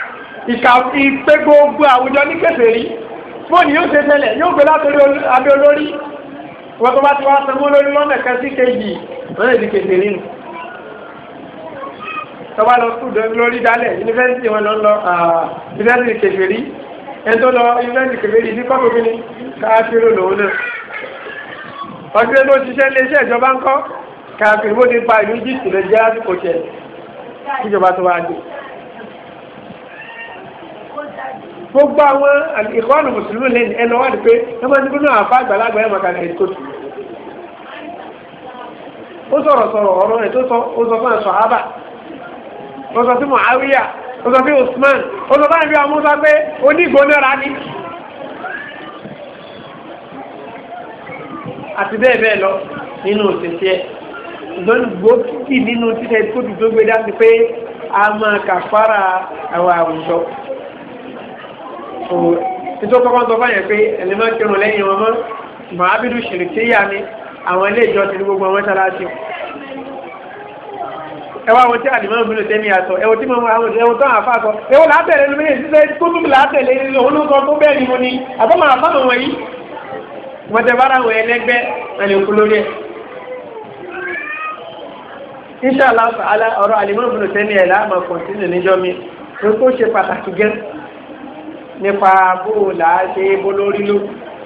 ìka ìpè gbogbo àwùjọ ní kèfèrí fóònù yóò ṣe tẹ́lẹ̀ yóò gbé látòrí abẹ́ olórí wọ́n tó bá ti wá sanwó lórí lọ́nà kẹsíkejì lọ́nà ìdíkejì nínú tọ́ba lọ sùn lórí dálẹ̀ yunifásitì wọn lọ lọ yunifásitì kẹfẹ́rí ẹ̀ńtọ́ lọ yunifásitì kẹfẹ́rí ní kọ́pù mi ni káfíìrì lòun náà ọdún tó ṣiṣẹ́ iléeṣẹ́ ìjọba ń kọ́ káfíìrì bó ti pa ìlú jíìtì lè jẹ́ àsìkò tiẹ̀ kíjọba tó wá dé. gbogbo àwọn ìkọ́nù mùsùlùmí lẹ́nu ẹ̀ lọ́wọ́ ni pé ẹ máa ń dúró náà àfa àgbàlagbà ẹ̀ máa kà ní ètò tù ó sọ̀rọ̀ sọ̀rọ̀ ọ̀rọ̀ rẹ̀ tó sọ ó sọ fún ẹ̀ sọ̀ ó sọ sí muawiya ó sọ sí usman ó sọ báyìí bí wọn mú sọ pé onígbónára ni. àti bẹ́ẹ̀ bẹ́ẹ̀ lọ nínú òṣìṣẹ́ gbòógì nínú títẹ̀ tó dùdú gbé dájú pé a máa kàfàrà àwọn àwùjọ. títọ́ kọ́kọ́ sọ fáyẹn pé ẹni máa kírun lẹ́yìn wọn mọ́ màá bídú ṣèlú tí yá ni àwọn ilé ìjọ ti ní gbogbo àwọn ẹ wá wọn tí àlùmọ́ mi ló tẹ́mi àtọ̀ ẹ wọ́n tí mo mọ àwọn ẹ̀wọ̀n tó àfa sọ ẹ wọ́n látẹ̀lé lómi ní ìṣiṣẹ́ kúndùn látẹ̀lé olóńtọ́ tó bẹ́ẹ̀ ni mo ní àbọ̀mọ̀ àfáàmù wọ̀nyí wọ́n tẹ bára wọn ẹlẹ́gbẹ́ ẹ̀lẹ́ òkúlórí ẹ̀. inṣàlá ala ọ̀rọ̀ àlùmọ́ mi ló tẹ́mi ẹ̀ láàmà kọ̀ǹtínù níjọ́ mi tó ṣe pàtàkì gẹ́ nípa bó làá ṣe bó lórí lókù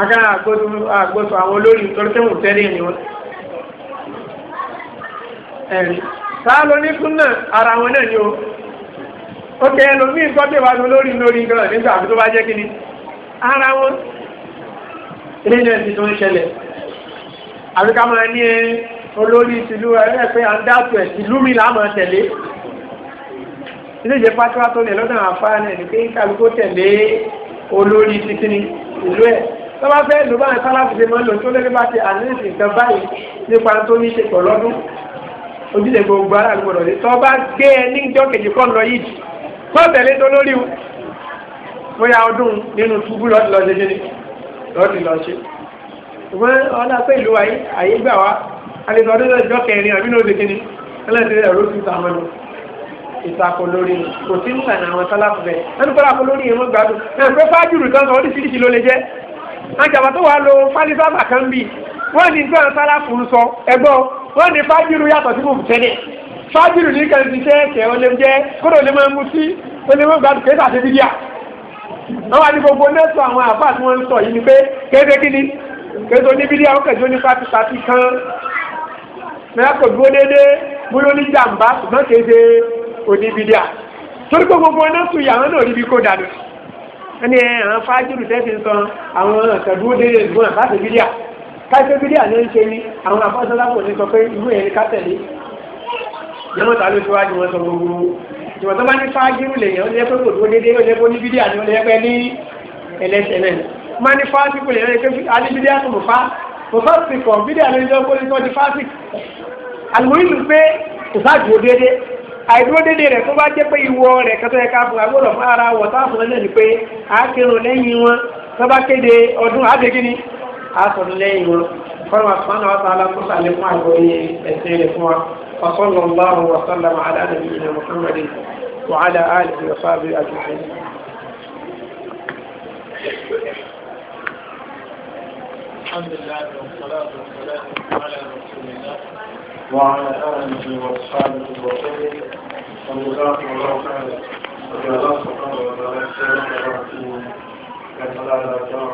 agbára àgbọ́sọ àwọn olórí nítorí pé wọ́n tẹ́lẹ̀ ni wọ́n. ẹ̀rí sáà ló ní fún náà ara wọn náà ni o ó kẹ́ ẹlòmíì gbọ́ bí wàá lórí lórí gan nígbà tó bá jẹ́ kínní ara wọn eléyìí náà ti tó ń ṣẹlẹ̀ àbí ká máa ní eh, olórí ìtìlú ẹ̀rẹ́ pé à ń dáàtò ẹ̀ ìlú mi làá máa tẹ̀lé ilé ìjẹ́ pátápátá tó lè lọ́dọ̀ àwọn náà ni pé kálukó tẹ̀lé olórí títí ìlú ẹ̀ tọ́ba fẹ́ lò báyìí sálábì ṣe máa ń lò tó lẹ́gbẹ́ bá ti àníyàn nǹkan báyìí nípa tó ní ṣe pọ̀ lọ́dún ojúlẹ̀ gbogbo ara gbọdọ̀ e ní tọ́ba gbé ẹ níjọ́ kejì kọ́ lọ yìí kọ́ tẹ̀lé tó lórí o bóyá ọdún nínú túbú lọ́dún lọ́ọ́ ṣe ni lọ́dún lọ́ọ́ ṣe ṣùgbọ́n ọlá pé ìlú ayé ayé gbà wá alẹ́sọ ọdún lọ́jọ́ kẹrin àbí ní oṣù kìíní ẹlẹ́sìn ẹ̀rọ tún lórí kò sí ń gbà ní àwọn sálábù bẹ́ẹ̀ ẹnu kọ́lá kó lórí ìmọ̀ gbádùn ẹ̀ pé fájúrù kan sọ oríṣiríṣi ló lè jẹ́ àjàmbá tó wà lo fálífàbà kan bì wọ́n ní gbọ́n sálàfù ń sọ ẹgbọ́ wọ́n ní fájìrù yàtọ̀ sí fún tẹ́lẹ̀ fájìrù ní kan ti ṣe ẹ̀kẹ́ ọlẹ́ jẹ́ kódò lè máa mú sí olè máa gbàdùn kéésà ṣe bíbíà wọ́n wá ní gbogbo nẹ́sọ̀ àwọn àbá tí wọ́n ń sọ yìí ni pé kéde kíni kéde oníbílíà ó kẹjọ ní pátípátí kan mẹ́ta kò dúró déédéé múlò ní jàǹbá ṣùgbọ́n kéde oníbílíà torí gbogbo nẹ́sọ̀ yàrá náà ríbi kó dànù sí ẹni àwọn fájúrù tẹ́sí ń san àwọn ọ̀sẹ̀dúró déédéé ìgbọ́n àbáṣe bídíà káṣe bídíà ló ń ṣe ní àwọn afọ́sọ́lápò ní sọ pé ìlú yẹn ni ká tẹ̀lé yẹn ta ló síwájú wọn sọ gbogbo ìwọ̀n tó bá ní fájúrù lèyàn ó lè pé kò dúró déédéé ó lè pé ní bídíà ni ó lè pé ní ẹlẹ́sẹ̀ náà má ní fásitì lèyàn lè pé alíbídíà tó mọ̀ fá mọ̀ fásitì kọ̀ bídíà ló ń jọ àìdúró dédé rẹ̀ tó bá jẹ́ pé ìwọ rẹ̀ kẹtọ́ yẹ ká fún agbọ́dọ̀ fún ara wọ̀ tá fún pé a kírun lẹ́yìn wọn tó kéde ọdún àdégínní a sọ̀rọ̀ lẹ́yìn wọn kọ́nà àtúmọ̀nà wa ta'ala kó sàlẹ̀ fún àgbọ̀ ní ẹ̀sìn rẹ̀ fún wa wa sallallahu wa ala nabiyyina muhammadin wa ala alihi wa sahbihi ajma'in. الحمد لله والصلاة والسلام على رسول الله وعلى آله وأصحابه وسلم وجزاكم الله خيرا وجزاكم الله خيرا